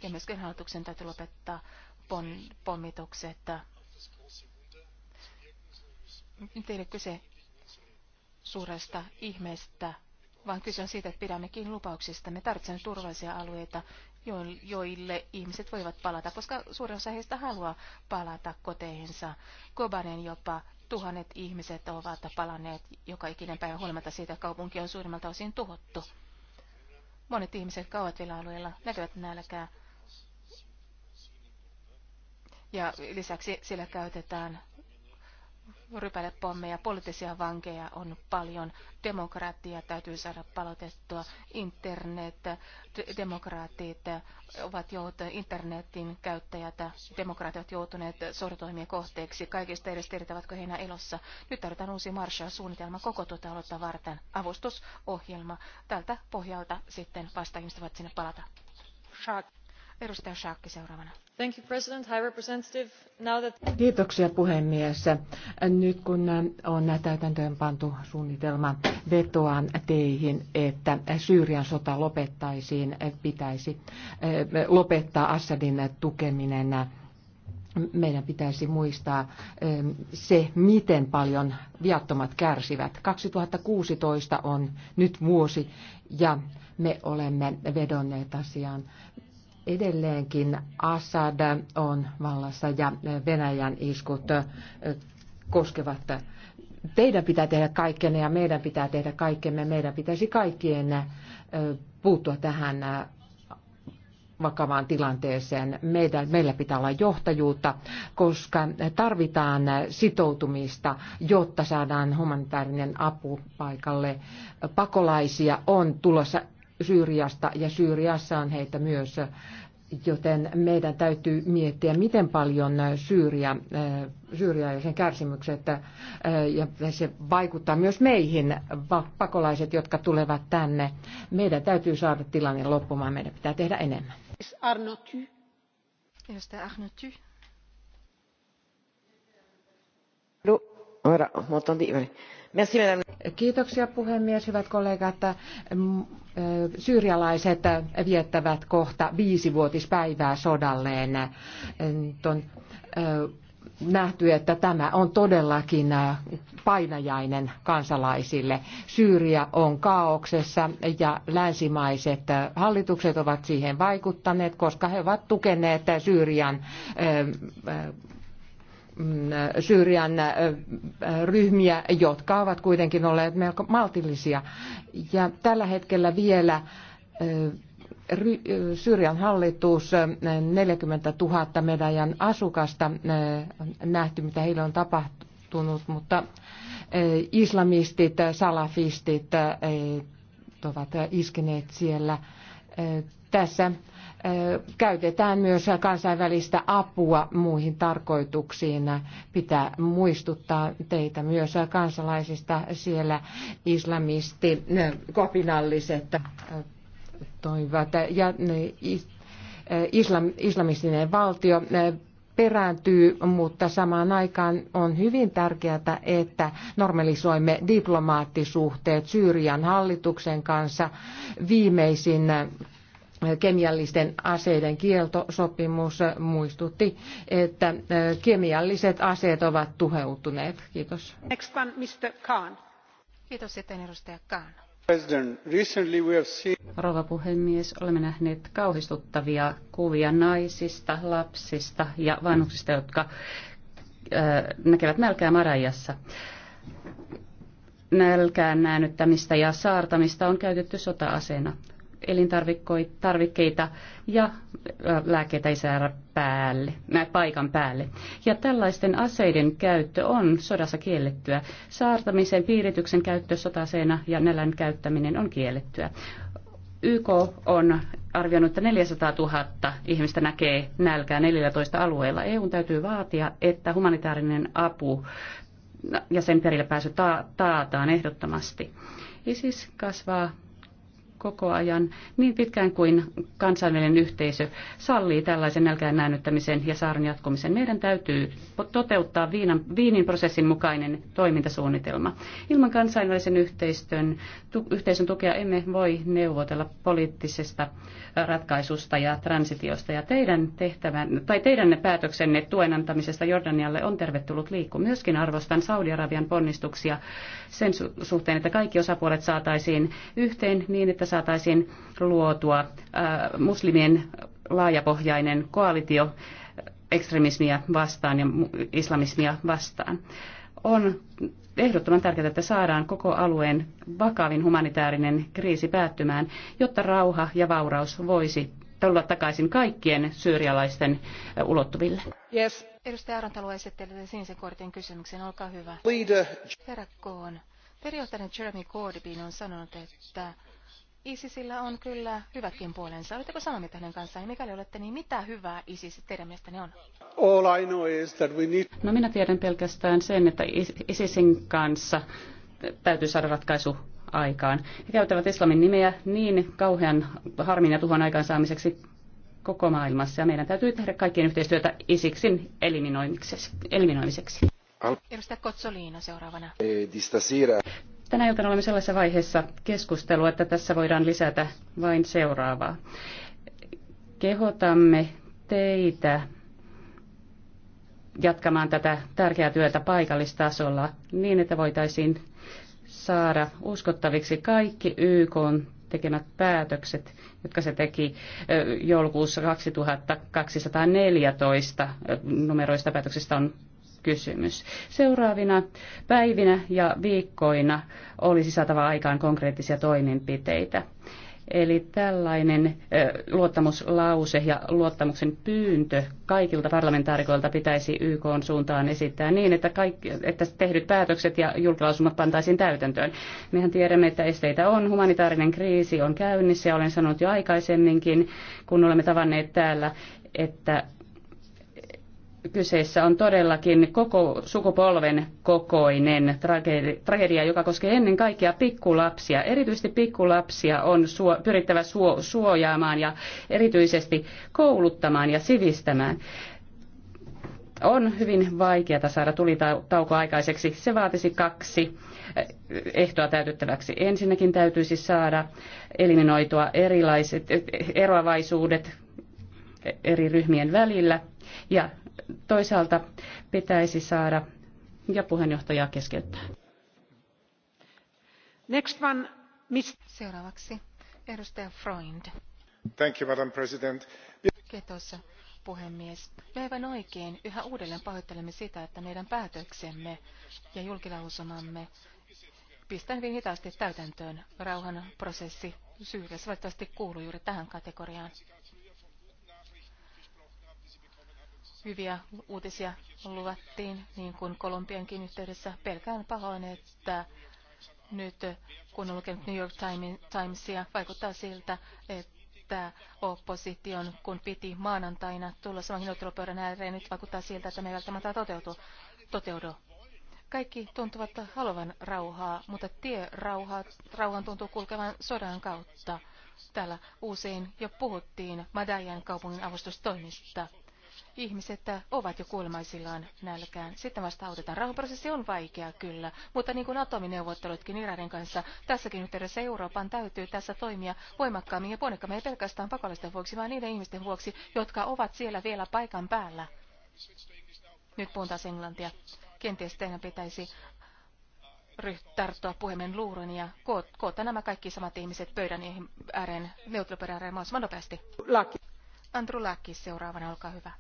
B: ja myöskin hallituksen täytyy lopettaa pon, pommitukset. Nyt ei ole kyse suuresta ihmeestä, vaan kyse on siitä, että pidämme kiinni lupauksista. Me tarvitsemme turvallisia alueita, joille ihmiset voivat palata, koska suurin osa heistä haluaa palata koteihinsa. Kobanen jopa tuhannet ihmiset ovat palanneet joka ikinen päivä huolimatta siitä, että kaupunki on suurimmalta osin tuhottu. Monet ihmiset, kauat vielä alueella, näkevät nälkää, ja lisäksi siellä käytetään rypälepommeja, poliittisia vankeja on paljon, demokraattia täytyy saada palautettua, internet, demokraatit ovat joutuneet, internetin käyttäjät, demokraatit ovat joutuneet sortoimien kohteeksi, kaikista edes tiedetävätkö heinä elossa. Nyt tarvitaan uusi Marshall-suunnitelma koko tuota aloittaa varten, avustusohjelma. Tältä pohjalta sitten vasta ihmiset voivat sinne palata arvoisa
E: Kiitoksia puhemies. Nyt kun on täytäntöön suunnitelma vetoan teihin, että Syyrian sota lopettaisiin, pitäisi eh, lopettaa Assadin tukeminen meidän pitäisi muistaa eh, se, miten paljon viattomat kärsivät. 2016 on nyt vuosi ja me olemme vedonneet asiaan edelleenkin Assad on vallassa ja Venäjän iskut koskevat. Teidän pitää tehdä kaikkenne ja meidän pitää tehdä kaikkemme. Meidän pitäisi kaikkien puuttua tähän vakavaan tilanteeseen. Meidän, meillä pitää olla johtajuutta, koska tarvitaan sitoutumista, jotta saadaan humanitaarinen apu paikalle. Pakolaisia on tulossa Syyriasta ja Syyriassa on heitä myös, joten meidän täytyy miettiä, miten paljon Syyria, äh, Syyria ja sen kärsimykset, äh, ja se vaikuttaa myös meihin, pakolaiset, jotka tulevat tänne. Meidän täytyy saada tilanne loppumaan, meidän pitää tehdä enemmän. Ora, mutta on Kiitoksia puhemies, hyvät kollegat. Syyrialaiset viettävät kohta viisivuotispäivää sodalleen. Nyt on nähty, että tämä on todellakin painajainen kansalaisille. Syyria on kaauksessa ja länsimaiset hallitukset ovat siihen vaikuttaneet, koska he ovat tukeneet Syyrian Mm, Syyrian äh, ryhmiä, jotka ovat kuitenkin olleet melko maltillisia. Ja tällä hetkellä vielä äh, äh, Syyrian hallitus 40 000 meidän asukasta nähty, mitä heille on tapahtunut, mutta islamistit, salafistit ovat iskeneet siellä. Tässä käytetään myös kansainvälistä apua muihin tarkoituksiin. Pitää muistuttaa teitä myös kansalaisista siellä islamisti kapinalliset toivat ja islam, islamistinen valtio perääntyy, mutta samaan aikaan on hyvin tärkeää, että normalisoimme diplomaattisuhteet Syyrian hallituksen kanssa. Viimeisin kemiallisten aseiden kieltosopimus muistutti, että kemialliset aseet ovat tuhoutuneet. Kiitos.
B: Next one, Mr. Khan. Kiitos sitten edustaja Khan.
F: Rouva puhemies, olemme nähneet kauhistuttavia kuvia naisista, lapsista ja vanhuksista, jotka näkevät nälkää Marajassa. Nälkään näännyttämistä ja saartamista on käytetty sota-aseena elintarvikkeita ja lääkkeitä ei saada päälle, paikan päälle. Ja tällaisten aseiden käyttö on sodassa kiellettyä. Saartamisen, piirityksen käyttö sotaseena ja nälän käyttäminen on kiellettyä. YK on arvioinut, että 400 000 ihmistä näkee nälkää 14 alueella. EUn täytyy vaatia, että humanitaarinen apu ja sen perille pääsy ta- taataan ehdottomasti. ISIS kasvaa koko ajan niin pitkään kuin kansainvälinen yhteisö sallii tällaisen nälkään näännyttämisen ja saaren jatkumisen. Meidän täytyy toteuttaa Viinan, Viinin prosessin mukainen toimintasuunnitelma. Ilman kansainvälisen yhteistön, tu, yhteisön tukea emme voi neuvotella poliittisesta ratkaisusta ja transitiosta. Ja teidän, tehtävän, tai teidän päätöksenne tuen antamisesta Jordanialle on tervetullut liikku. Myöskin arvostan Saudi-Arabian ponnistuksia sen suhteen, että kaikki osapuolet saataisiin yhteen niin, että saataisiin luotua äh, muslimien laajapohjainen koalitio ekstremismiä vastaan ja islamismia vastaan. On ehdottoman tärkeää, että saadaan koko alueen vakavin humanitaarinen kriisi päättymään, jotta rauha ja vauraus voisi tulla takaisin kaikkien syyrialaisten äh, ulottuville.
E: Yes. Edustaja
B: Arantalo esittelee sinisen kortin kysymyksen. Olkaa hyvä. Leader. Herra Koon. Jeremy Corbyn on sanonut, että ISISillä on kyllä hyvätkin puolensa. Oletteko samaa mieltä hänen kanssaan? Ja mikäli olette, niin mitä hyvää ISIS teidän mielestänne on?
F: All I know is that we need... No minä tiedän pelkästään sen, että ISISin kanssa täytyy saada ratkaisu aikaan. He käyttävät islamin nimeä niin kauhean harmin ja tuhon aikaansaamiseksi koko maailmassa ja meidän täytyy tehdä kaikkien yhteistyötä isiksin eliminoimiseksi. eliminoimiseksi.
B: Edustaja Kotsoliina seuraavana.
A: Eh,
F: Tänä iltana olemme sellaisessa vaiheessa keskustelua, että tässä voidaan lisätä vain seuraavaa. Kehotamme teitä jatkamaan tätä tärkeää työtä paikallistasolla niin, että voitaisiin saada uskottaviksi kaikki YK tekemät päätökset, jotka se teki joulukuussa 2214 numeroista päätöksistä on kysymys. Seuraavina päivinä ja viikkoina olisi saatava aikaan konkreettisia toimenpiteitä. Eli tällainen luottamuslause ja luottamuksen pyyntö kaikilta parlamentaarikoilta pitäisi YK on suuntaan esittää niin, että, kaikki, että tehdyt päätökset ja julkilausumat pantaisiin täytäntöön. Mehän tiedämme, että esteitä on. Humanitaarinen kriisi on käynnissä ja olen sanonut jo aikaisemminkin, kun olemme tavanneet täällä, että kyseessä on todellakin koko sukupolven kokoinen tragedia, joka koskee ennen kaikkea pikkulapsia. Erityisesti pikkulapsia on suo, pyrittävä suo, suojaamaan ja erityisesti kouluttamaan ja sivistämään. On hyvin vaikeaa saada tulitauko aikaiseksi. Se vaatisi kaksi eh, ehtoa täytettäväksi. Ensinnäkin täytyisi saada eliminoitua erilaiset eh, eroavaisuudet eri ryhmien välillä ja toisaalta pitäisi saada ja puheenjohtajaa keskeyttää.
B: Next one, miss... Seuraavaksi edustaja Freund. Thank you, Madam President. Kiitos puhemies. Me aivan oikein yhä uudelleen pahoittelemme sitä, että meidän päätöksemme ja julkilausumamme pistää hyvin hitaasti täytäntöön rauhanprosessi Syyriassa. Valitettavasti kuuluu juuri tähän kategoriaan. hyviä uutisia luvattiin, niin kuin Kolumbiankin yhteydessä. Pelkään pahoin, että nyt kun on lukenut New York Timesia, vaikuttaa siltä, että opposition, kun piti maanantaina tulla saman hinnoittelupöydän ääreen, nyt vaikuttaa siltä, että me ei välttämättä toteutu, toteudu. Kaikki tuntuvat haluavan rauhaa, mutta tie rauhaa, rauhan tuntuu kulkevan sodan kautta. Täällä usein jo puhuttiin Madajan kaupungin avustustoimista ihmiset äh, ovat jo kuolemaisillaan nälkään. Sitten vasta autetaan. Rauhanprosessi on vaikea kyllä, mutta niin kuin atomineuvottelutkin Iranin kanssa, tässäkin yhteydessä Euroopan täytyy tässä toimia voimakkaammin ja ponnekkaammin ei pelkästään pakolaisten vuoksi, vaan niiden ihmisten vuoksi, jotka ovat siellä vielä paikan päällä. Nyt puhutaan englantia. Kenties teidän pitäisi tarttua puhemen luuron ja koota nämä kaikki samat ihmiset pöydän ääreen, neutropöydän ääreen mahdollisimman nopeasti. Laki. Andrew Lackis, seuraavana, olkaa hyvä.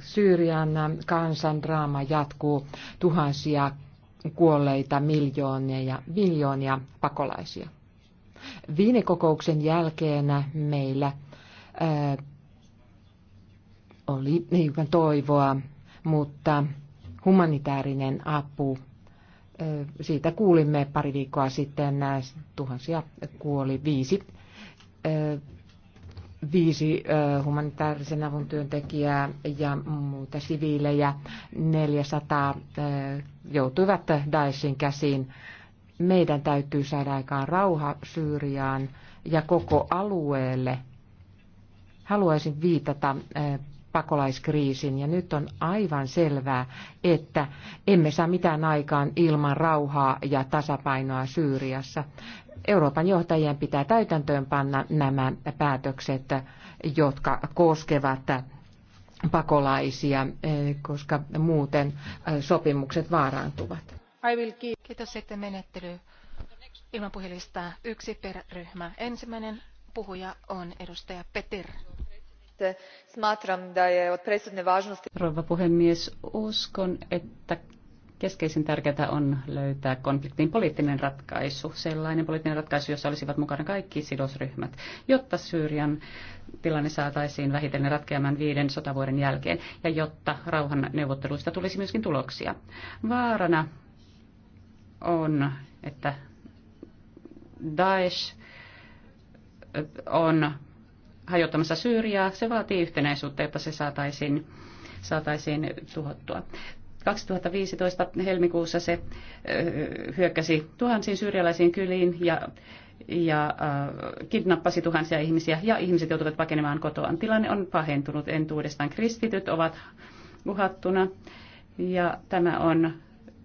E: Syyrian kansan draama jatkuu tuhansia kuolleita miljoonia, miljoonia pakolaisia. Viime kokouksen jälkeen meillä ää, oli hiukan toivoa, mutta humanitaarinen apu, ää, siitä kuulimme pari viikkoa sitten, nää, tuhansia kuoli viisi ää, viisi humanitaarisen avun työntekijää ja muita siviilejä, 400 joutuivat Daeshin käsiin. Meidän täytyy saada aikaan rauha Syyriaan ja koko alueelle. Haluaisin viitata pakolaiskriisin ja nyt on aivan selvää, että emme saa mitään aikaan ilman rauhaa ja tasapainoa Syyriassa. Euroopan johtajien pitää täytäntöönpanna nämä päätökset, jotka koskevat pakolaisia, koska muuten sopimukset vaarantuvat.
B: Kiitos sitten menettely ilman puhelista yksi per ryhmä. Ensimmäinen puhuja on edustaja Petir.
F: Rouva puhemies, uskon, että Keskeisen tärkeää on löytää konfliktin poliittinen ratkaisu, sellainen poliittinen ratkaisu, jossa olisivat mukana kaikki sidosryhmät, jotta Syyrian tilanne saataisiin vähitellen ratkeamaan viiden sotavuoden jälkeen ja jotta rauhan neuvotteluista tulisi myöskin tuloksia. Vaarana on, että Daesh on hajottamassa Syyriaa. Se vaatii yhtenäisyyttä, jotta se saataisiin, saataisiin tuhottua. 2015 helmikuussa se hyökkäsi tuhansiin syyrialaisiin kyliin ja, ja äh, kidnappasi tuhansia ihmisiä ja ihmiset joutuvat pakenemaan kotoaan. Tilanne on pahentunut entuudestaan. Kristityt ovat uhattuna ja tämä on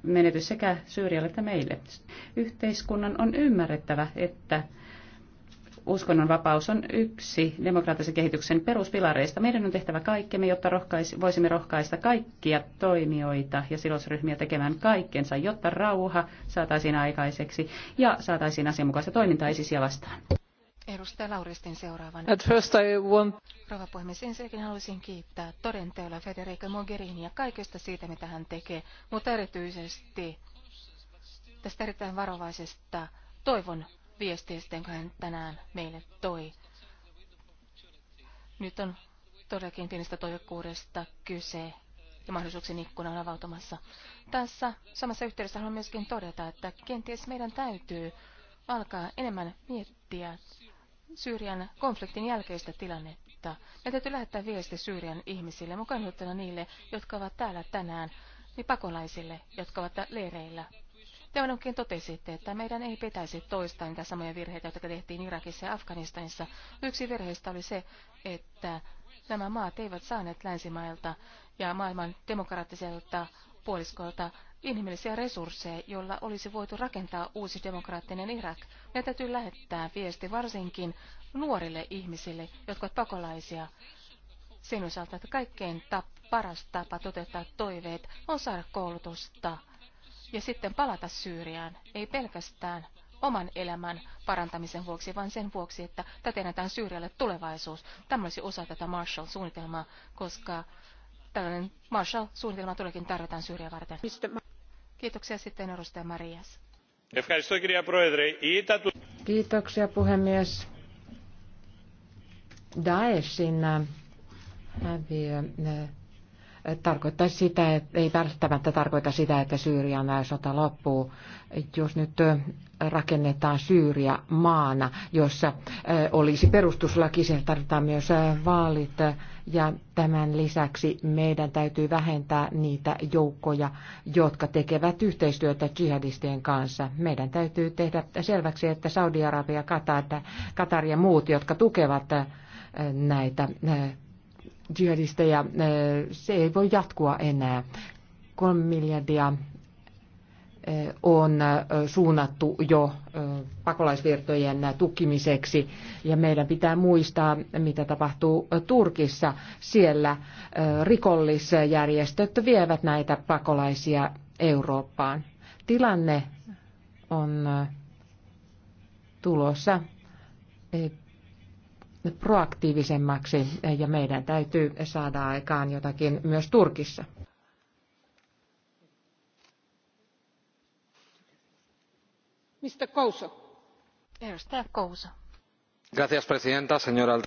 F: menetys sekä Syyrialle että meille. Yhteiskunnan on ymmärrettävä, että uskonnonvapaus on yksi demokraattisen kehityksen peruspilareista. Meidän on tehtävä kaikkemme, jotta rohkais, voisimme rohkaista kaikkia toimijoita ja sidosryhmiä tekemään kaikkensa, jotta rauha saataisiin aikaiseksi ja saataisiin asianmukaista toimintaa esisiä vastaan.
B: Edustaja Lauristin seuraavana. At first I want... Rova puhemies, ensinnäkin haluaisin kiittää todenteolla Mogherini ja kaikesta siitä, mitä hän tekee, mutta erityisesti tästä erittäin varovaisesta toivon viesteistä, jonka hän tänään meille toi. Nyt on todellakin pienestä toivokkuudesta kyse ja mahdollisuuksien ikkuna on avautumassa. Tässä samassa yhteydessä haluan myöskin todeta, että kenties meidän täytyy alkaa enemmän miettiä Syyrian konfliktin jälkeistä tilannetta. Meidän täytyy lähettää viesti Syyrian ihmisille, mukaan niille, jotka ovat täällä tänään, niin pakolaisille, jotka ovat leireillä te oikein totesitte, että meidän ei pitäisi toistaa niitä samoja virheitä, jotka tehtiin Irakissa ja Afganistanissa. Yksi virheistä oli se, että nämä maat eivät saaneet länsimailta ja maailman demokraattiselta puoliskolta inhimillisiä resursseja, joilla olisi voitu rakentaa uusi demokraattinen Irak. Meidän täytyy lähettää viesti varsinkin nuorille ihmisille, jotka ovat pakolaisia sen osalta, että kaikkein tap, paras tapa toteuttaa toiveet on saada koulutusta ja sitten palata Syyriaan, ei pelkästään oman elämän parantamisen vuoksi, vaan sen vuoksi, että täten annetaan Syyrialle tulevaisuus. Tämä olisi osa tätä Marshall-suunnitelmaa, koska tällainen Marshall-suunnitelma tuleekin tarvitaan Syyriä varten. Kiitoksia sitten edustaja Marias.
E: Kiitoksia puhemies. Daeshin häviö tarkoittaisi sitä, että, ei välttämättä tarkoita sitä, että Syyrian sota loppuu. Jos nyt rakennetaan Syyria maana, jossa olisi perustuslaki, siellä tarvitaan myös vaalit ja tämän lisäksi meidän täytyy vähentää niitä joukkoja, jotka tekevät yhteistyötä jihadistien kanssa. Meidän täytyy tehdä selväksi, että Saudi-Arabia, Katar, Katar ja muut, jotka tukevat näitä ja eh, Se ei voi jatkua enää. Kolme miljardia eh, on eh, suunnattu jo pakolaisvirtojen tukimiseksi. Ja meidän pitää muistaa, mitä tapahtuu Turkissa. Siellä rikollisjärjestöt vievät näitä pakolaisia Eurooppaan. Tilanne on tulossa proaktiivisemmaksi ja meidän täytyy saada aikaan jotakin myös Turkissa.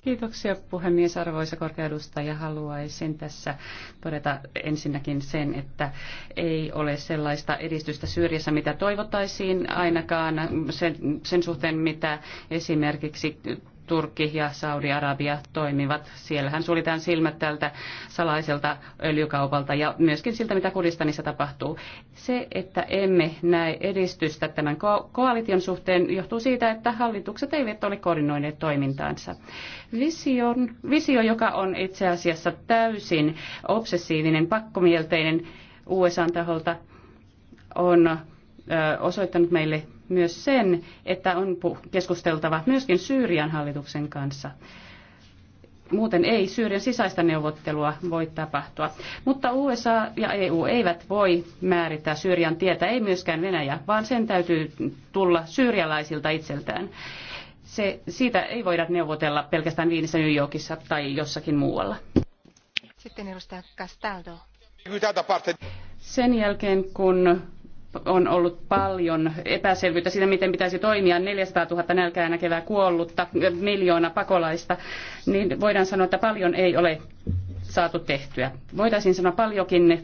F: Kiitoksia puhemies, arvoisa korkeudustaja. Haluaisin tässä todeta ensinnäkin sen, että ei ole sellaista edistystä Syyriassa, mitä toivottaisiin ainakaan sen, sen suhteen, mitä esimerkiksi Turkki ja Saudi-Arabia toimivat. Siellähän suljetaan silmät tältä salaiselta öljykaupalta ja myöskin siltä, mitä Kurdistanissa tapahtuu. Se, että emme näe edistystä tämän ko- koalition suhteen, johtuu siitä, että hallitukset eivät ole koordinoineet toimintaansa. Vision, visio, joka on itse asiassa täysin obsessiivinen, pakkomielteinen USAn taholta, on osoittanut meille myös sen, että on keskusteltava myöskin Syyrian hallituksen kanssa. Muuten ei Syyrian sisäistä neuvottelua voi tapahtua. Mutta USA ja EU eivät voi määrittää Syyrian tietä, ei myöskään Venäjä, vaan sen täytyy tulla syyrialaisilta itseltään. Se, siitä ei voida neuvotella pelkästään Viinissä, New Yorkissa tai jossakin muualla. Sitten edustaja Castaldo. Sen jälkeen, kun on ollut paljon epäselvyyttä siitä, miten pitäisi toimia. 400 000 nälkää näkevää kuollutta, miljoona pakolaista, niin voidaan sanoa, että paljon ei ole saatu tehtyä. Voitaisiin sanoa paljonkin,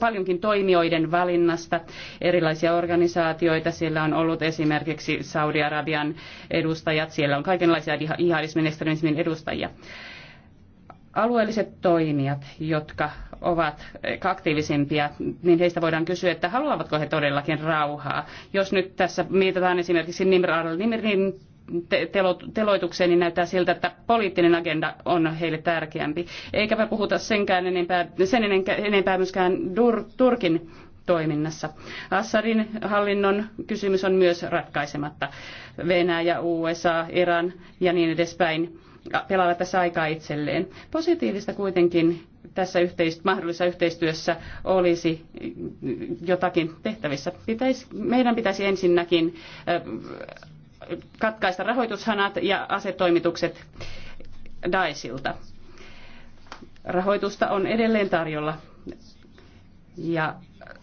F: paljonkin toimijoiden valinnasta erilaisia organisaatioita. Siellä on ollut esimerkiksi Saudi-Arabian edustajat, siellä on kaikenlaisia jihadismin edustajia alueelliset toimijat, jotka ovat aktiivisimpia, niin heistä voidaan kysyä, että haluavatko he todellakin rauhaa. Jos nyt tässä mietitään esimerkiksi Nimr Nimirin teloitukseen, niin näyttää siltä, että poliittinen agenda on heille tärkeämpi. Eikä me puhuta senkään enempää, sen enempää myöskään Dur, Turkin toiminnassa. Assadin hallinnon kysymys on myös ratkaisematta. Venäjä, USA, Iran ja niin edespäin Pelata tässä aikaa itselleen. Positiivista kuitenkin tässä yhteist- mahdollisessa yhteistyössä olisi jotakin tehtävissä. Pitäisi, meidän pitäisi ensinnäkin katkaista rahoitushanat ja asetoimitukset DAISilta. Rahoitusta on edelleen tarjolla ja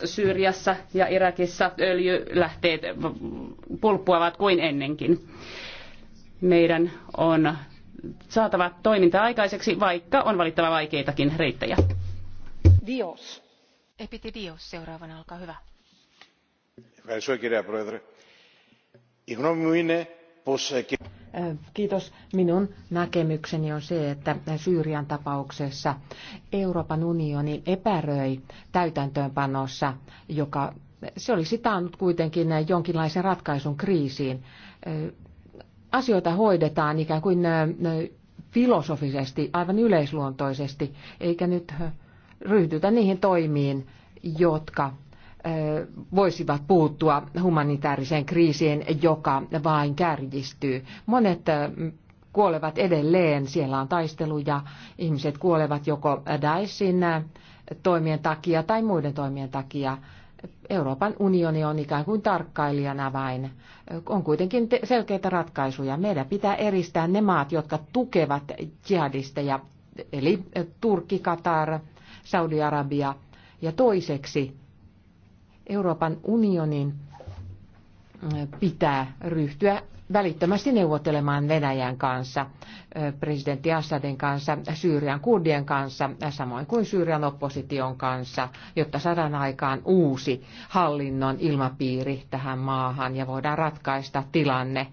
F: Syyriassa ja Irakissa öljylähteet pulppuavat kuin ennenkin. Meidän on saatava toiminta aikaiseksi, vaikka on valittava vaikeitakin reittejä.
B: Dios. Epitidios seuraavana, olkaa hyvä.
E: Kiitos. Minun näkemykseni on se, että Syyrian tapauksessa Euroopan unioni epäröi täytäntöönpanossa, joka se olisi taannut kuitenkin jonkinlaisen ratkaisun kriisiin asioita hoidetaan ikään kuin filosofisesti, aivan yleisluontoisesti, eikä nyt ryhdytä niihin toimiin, jotka voisivat puuttua humanitaariseen kriisiin, joka vain kärjistyy. Monet kuolevat edelleen, siellä on taisteluja, ihmiset kuolevat joko Daeshin toimien takia tai muiden toimien takia. Euroopan unioni on ikään kuin tarkkailijana vain. On kuitenkin selkeitä ratkaisuja. Meidän pitää eristää ne maat, jotka tukevat jihadisteja, eli Turkki, Katar, Saudi-Arabia. Ja toiseksi Euroopan unionin pitää ryhtyä välittömästi neuvottelemaan Venäjän kanssa, presidentti Assadin kanssa, Syyrian kurdien kanssa, samoin kuin Syyrian opposition kanssa, jotta saadaan aikaan uusi hallinnon ilmapiiri tähän maahan ja voidaan ratkaista tilanne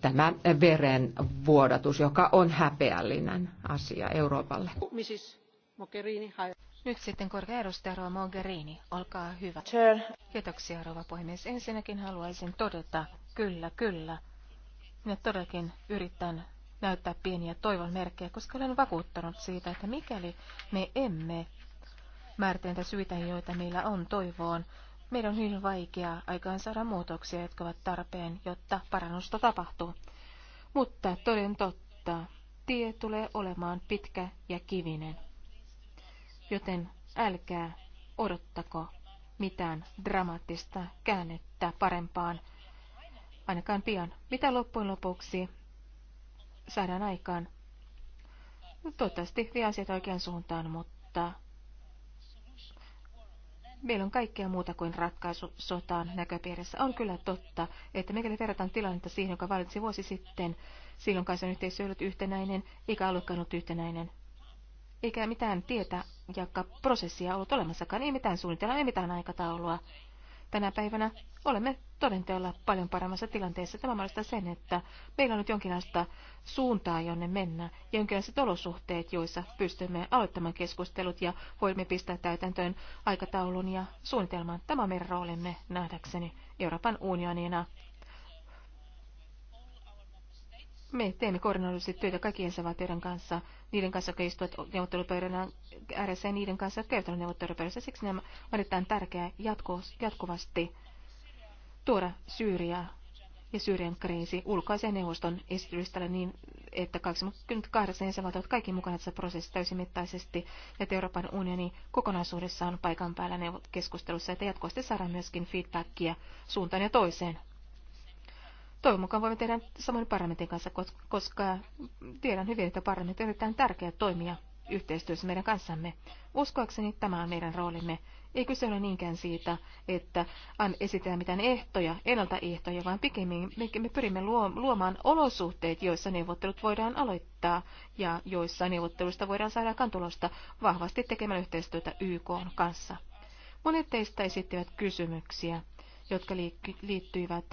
E: tämä veren vuodatus, joka on häpeällinen asia Euroopalle.
B: Nyt sitten korkea edustaja Rova Mogherini, olkaa hyvä. Kiitoksia rouva puhemies. Ensinnäkin haluaisin todeta, Kyllä, kyllä. Minä todellakin yritän näyttää pieniä toivon merkkejä, koska olen vakuuttanut siitä, että mikäli me emme määriteltä syitä, joita meillä on toivoon, meidän on hyvin vaikea aikaan saada muutoksia, jotka ovat tarpeen, jotta parannusta tapahtuu. Mutta toden totta, tie tulee olemaan pitkä ja kivinen. Joten älkää odottako mitään dramaattista käännettä parempaan ainakaan pian. Mitä loppujen lopuksi saadaan aikaan? Toivottavasti vie asiat oikean suuntaan, mutta meillä on kaikkea muuta kuin ratkaisu sotaan näköpiirissä. On kyllä totta, että mikäli verrataan tilannetta siihen, joka valitsi vuosi sitten, silloin kanssa yhteisö ei ollut yhtenäinen, eikä aluekaan ollut yhtenäinen. Eikä mitään tietä ja prosessia ollut olemassakaan, ei mitään suunnitelmaa, ei mitään aikataulua tänä päivänä olemme todenteolla paljon paremmassa tilanteessa. Tämä mahdollistaa sen, että meillä on nyt jonkinlaista suuntaa, jonne mennä, ja jonkinlaiset olosuhteet, joissa pystymme aloittamaan keskustelut ja voimme pistää täytäntöön aikataulun ja suunnitelman. Tämä on meidän roolimme nähdäkseni Euroopan unionina me teemme koordinoidusti työtä kaikkien savateiden kanssa, niiden kanssa, jotka istuvat neuvottelupöydän ääressä ja niiden kanssa, jotka käytävät neuvottelupöydässä. Siksi nämä on erittäin tärkeää jatko, jatkuvasti tuoda Syyriä ja Syyrian kriisi ulkoisen neuvoston esitystä niin, että 28 jäsenvaltiot ovat kaikki mukana tässä prosessissa täysimittaisesti, ja että Euroopan unioni kokonaisuudessaan on paikan päällä keskustelussa, että jatkuvasti saadaan myöskin feedbackia suuntaan ja toiseen. Toivon mukaan voimme tehdä samoin parlamentin kanssa, koska tiedän hyvin, että parlamentti on erittäin tärkeä toimija yhteistyössä meidän kanssamme. Uskoakseni tämä on meidän roolimme. Ei kyse ole niinkään siitä, että esitetään mitään ehtoja, ehtoja, vaan pikemmin me pyrimme luomaan olosuhteet, joissa neuvottelut voidaan aloittaa ja joissa neuvotteluista voidaan saada kantulosta vahvasti tekemällä yhteistyötä YK kanssa. Monet teistä esittivät kysymyksiä, jotka liittyivät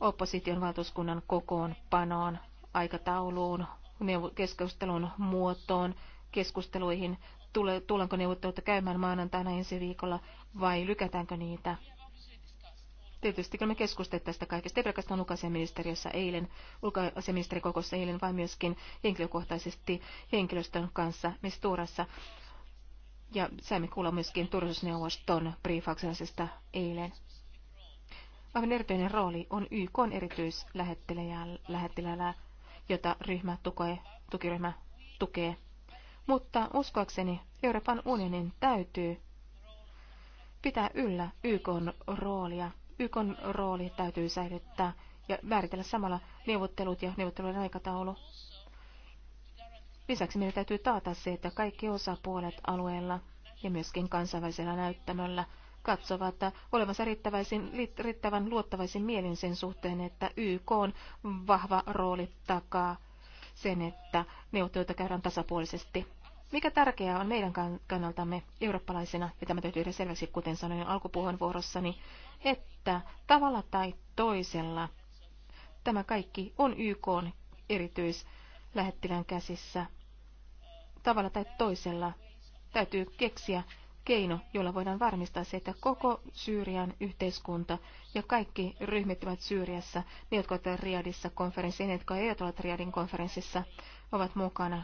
B: opposition valtuuskunnan kokoonpanoon, aikatauluun, keskustelun muotoon, keskusteluihin, tule, tullaanko neuvotteluita käymään maanantaina ensi viikolla vai lykätäänkö niitä. Tietysti kun me keskustelimme tästä kaikesta, ei pelkästään ulkoasiaministeriössä eilen, ulkoasiaministerikokouksessa eilen, vaan myöskin henkilökohtaisesti henkilöstön kanssa Misturassa. Ja saimme kuulla myöskin turvallisuusneuvoston briifauksen eilen. Aivan erityinen rooli on YK erityislähettilällä, jota ryhmä tukee, tukiryhmä tukee. Mutta uskoakseni Euroopan unionin täytyy pitää yllä YK roolia. YK rooli täytyy säilyttää ja määritellä samalla neuvottelut ja neuvottelujen aikataulu. Lisäksi meidän täytyy taata se, että kaikki osapuolet alueella ja myöskin kansainvälisellä näyttämöllä – katsovat olevansa riittävän luottavaisin mielin sen suhteen, että YK on vahva rooli takaa sen, että neuvotteluita käydään tasapuolisesti. Mikä tärkeää on meidän kannaltamme eurooppalaisena, ja tämä täytyy tehdä selväksi, kuten sanoin alkupuheenvuorossani, että tavalla tai toisella tämä kaikki on YK erityislähettilän käsissä. Tavalla tai toisella täytyy keksiä keino, jolla voidaan varmistaa se, että koko Syyrian yhteiskunta ja kaikki ryhmittymät Syyriassa, ne jotka ovat Riadissa konferenssissa, ne jotka eivät ole Riadin konferenssissa, ovat mukana.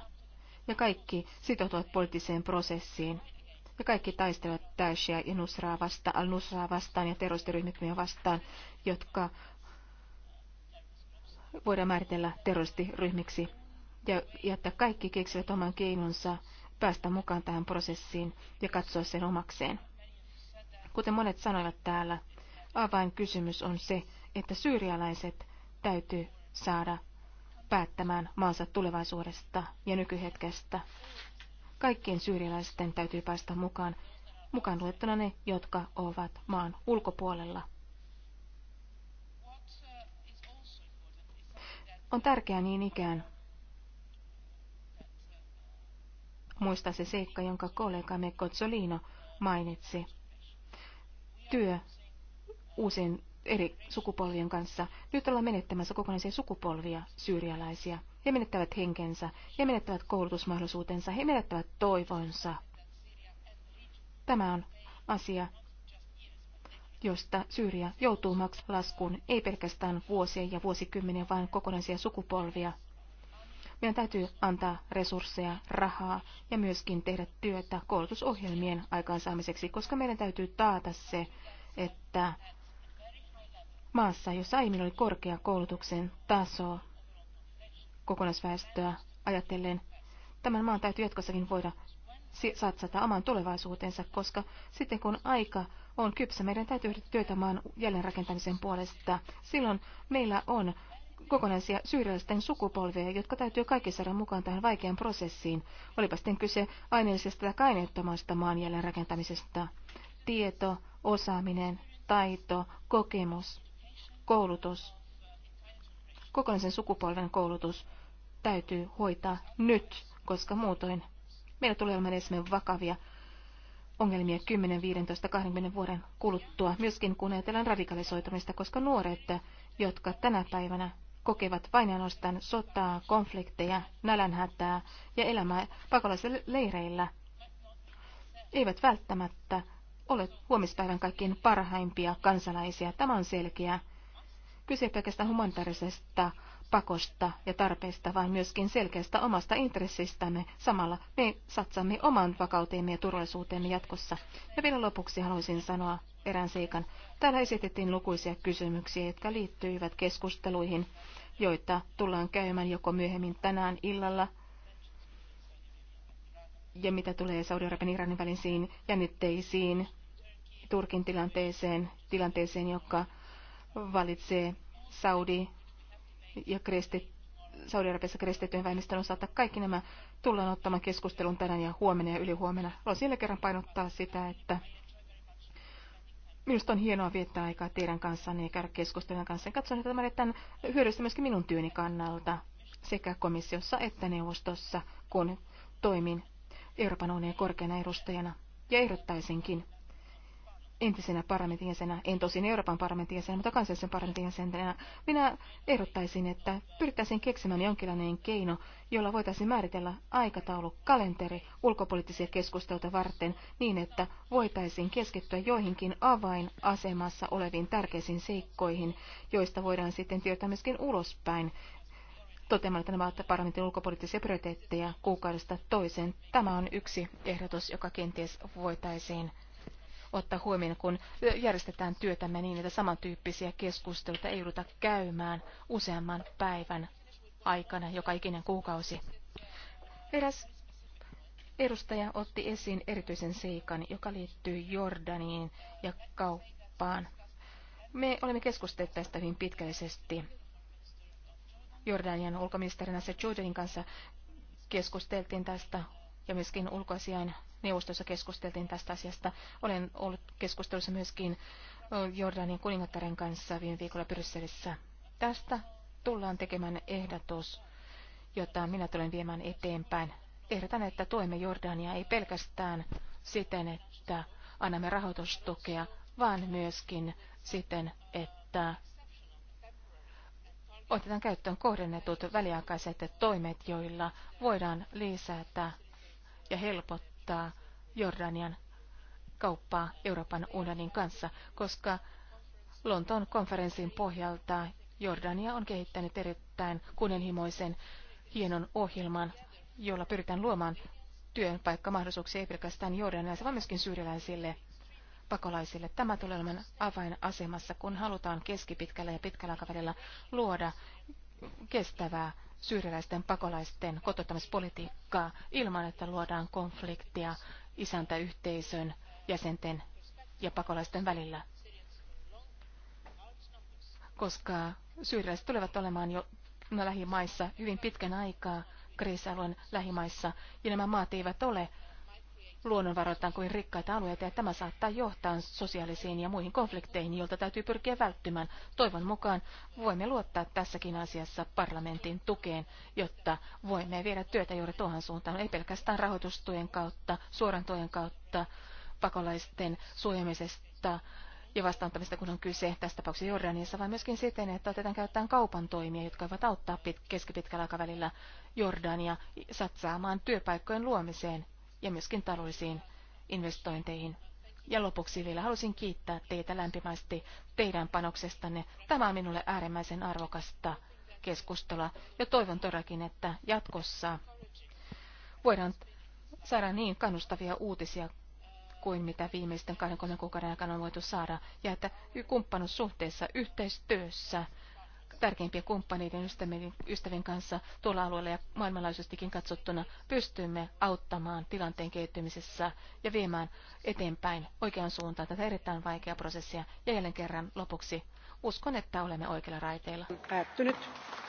B: Ja kaikki sitoutuvat poliittiseen prosessiin. Ja kaikki taistelevat täysiä ja Nusraa vastaan, al-Nusraa vastaan ja terroristiryhmittymiä vastaan, jotka voidaan määritellä terroristiryhmiksi ja jättää kaikki keksivät oman keinonsa päästä mukaan tähän prosessiin ja katsoa sen omakseen. Kuten monet sanoivat täällä, avainkysymys on se, että syyrialaiset täytyy saada päättämään maansa tulevaisuudesta ja nykyhetkestä. Kaikkien syyrialaisten täytyy päästä mukaan, mukaan luettuna ne, jotka ovat maan ulkopuolella. On tärkeää niin ikään, Muista se seikka, jonka kollegamme Kotsolino mainitsi. Työ usein eri sukupolvien kanssa. Nyt ollaan menettämässä kokonaisia sukupolvia syyrialaisia. He menettävät henkensä, he menettävät koulutusmahdollisuutensa, he menettävät toivonsa. Tämä on asia, josta Syyria joutuu maksamaan laskun ei pelkästään vuosien ja vuosikymmenen, vaan kokonaisia sukupolvia. Meidän täytyy antaa resursseja, rahaa ja myöskin tehdä työtä koulutusohjelmien aikaansaamiseksi, koska meidän täytyy taata se, että maassa, jossa aiemmin oli korkea koulutuksen taso kokonaisväestöä ajatellen, tämän maan täytyy jatkossakin voida satsata oman tulevaisuutensa, koska sitten kun aika on kypsä, meidän täytyy tehdä työtä maan jälleenrakentamisen puolesta. Silloin meillä on kokonaisia syyrialaisten sukupolvia, jotka täytyy kaikki saada mukaan tähän vaikeaan prosessiin. Olipa sitten kyse aineellisesta tai aineettomasta maanjäljen rakentamisesta. Tieto, osaaminen, taito, kokemus, koulutus, kokonaisen sukupolven koulutus täytyy hoitaa nyt, koska muutoin meillä tulee olemaan esimerkiksi vakavia ongelmia 10, 15, 20 vuoden kuluttua, myöskin kun ajatellaan radikalisoitumista, koska nuoret, jotka tänä päivänä kokevat vain ainoastaan sotaa, konflikteja, nälänhätää ja elämää pakolaisilla leireillä, eivät välttämättä ole huomispäivän kaikkein parhaimpia kansalaisia. Tämä on selkeä. Kyse pelkästään humanitaarisesta pakosta ja tarpeesta, vaan myöskin selkeästä omasta intressistämme. Samalla me satsamme oman vakauteemme ja turvallisuuteemme jatkossa. Ja vielä lopuksi haluaisin sanoa erään seikan. Täällä esitettiin lukuisia kysymyksiä, jotka liittyivät keskusteluihin, joita tullaan käymään joko myöhemmin tänään illalla ja mitä tulee Saudi-Arabian Iranin välisiin jännitteisiin, Turkin tilanteeseen, tilanteeseen, joka valitsee Saudi ja kristit, Saudi-Arabiassa kristittyjen vähemmistön osalta. Kaikki nämä tullaan ottamaan keskustelun tänään ja huomenna ja ylihuomenna. Haluan sillä kerran painottaa sitä, että minusta on hienoa viettää aikaa teidän kanssanne ja käydä keskustelun kanssa. Katson, että tämä on hyödyllistä myöskin minun työni kannalta sekä komissiossa että neuvostossa, kun toimin Euroopan unionin korkeana edustajana. Ja ehdottaisinkin, entisenä parlamentin jäsenä, en tosin Euroopan parlamentin jäsenä, mutta kansallisen parlamentin jäsenä, minä ehdottaisin, että pyrittäisiin keksimään jonkinlainen keino, jolla voitaisiin määritellä aikataulu, kalenteri ulkopoliittisia keskusteluita varten niin, että voitaisiin keskittyä joihinkin avainasemassa oleviin tärkeisiin seikkoihin, joista voidaan sitten tietää myöskin ulospäin toteamaan, että nämä ovat parlamentin ulkopoliittisia prioriteetteja kuukaudesta toiseen. Tämä on yksi ehdotus, joka kenties voitaisiin ottaa huomioon, kun järjestetään työtämme niin, että samantyyppisiä keskusteluita ei jouduta käymään useamman päivän aikana, joka ikinen kuukausi. Eräs edustaja otti esiin erityisen seikan, joka liittyy Jordaniin ja kauppaan. Me olemme keskustelleet tästä hyvin pitkällisesti. Jordanian ulkoministerinä se Jordanin kanssa keskusteltiin tästä ja myöskin ulkoasiain neuvostossa keskusteltiin tästä asiasta. Olen ollut keskustelussa myöskin Jordanin kuningattaren kanssa viime viikolla Brysselissä. Tästä tullaan tekemään ehdotus, jota minä tulen viemään eteenpäin. Ehdotan, että tuemme Jordania ei pelkästään siten, että annamme rahoitustukea, vaan myöskin siten, että otetaan käyttöön kohdennetut väliaikaiset toimet, joilla voidaan lisätä ja helpottaa aloittaa Jordanian kauppaa Euroopan unionin kanssa, koska Lontoon konferenssin pohjalta Jordania on kehittänyt erittäin kunnianhimoisen hienon ohjelman, jolla pyritään luomaan työpaikkamahdollisuuksia ei pelkästään jordanilaisille, vaan myöskin syyrialaisille pakolaisille. Tämä tulee olemaan avainasemassa, kun halutaan keskipitkällä ja pitkällä aikavälillä luoda kestävää syyrialaisten pakolaisten kotouttamispolitiikkaa ilman, että luodaan konfliktia isäntäyhteisön jäsenten ja pakolaisten välillä. Koska syyrialaiset tulevat olemaan jo lähimaissa hyvin pitkän aikaa, kriisialueen lähimaissa, ja nämä maat eivät ole luonnonvaroiltaan kuin rikkaita alueita, ja tämä saattaa johtaa sosiaalisiin ja muihin konflikteihin, joilta täytyy pyrkiä välttymään. Toivon mukaan voimme luottaa tässäkin asiassa parlamentin tukeen, jotta voimme viedä työtä juuri tuohon suuntaan, ei pelkästään rahoitustuen kautta, suorantojen kautta, pakolaisten suojamisesta ja vastaantamista, kun on kyse tässä tapauksessa Jordaniassa, vaan myöskin siten, että otetaan käyttämään kaupan toimia, jotka voivat auttaa pit- keskipitkällä aikavälillä Jordania satsaamaan työpaikkojen luomiseen ja myöskin taloudellisiin investointeihin. Ja lopuksi vielä halusin kiittää teitä lämpimästi teidän panoksestanne. Tämä on minulle äärimmäisen arvokasta keskustelua ja toivon todellakin, että jatkossa voidaan saada niin kannustavia uutisia kuin mitä viimeisten 20 kuukauden aikana on voitu saada, ja että kumppanuussuhteessa, yhteistyössä tärkeimpiä kumppaneiden ystävien kanssa tuolla alueella ja maailmanlaajuisestikin katsottuna pystymme auttamaan tilanteen kehittymisessä ja viemään eteenpäin oikean suuntaan tätä erittäin vaikeaa prosessia. Ja jälleen kerran lopuksi uskon, että olemme oikeilla raiteilla. Päättynyt.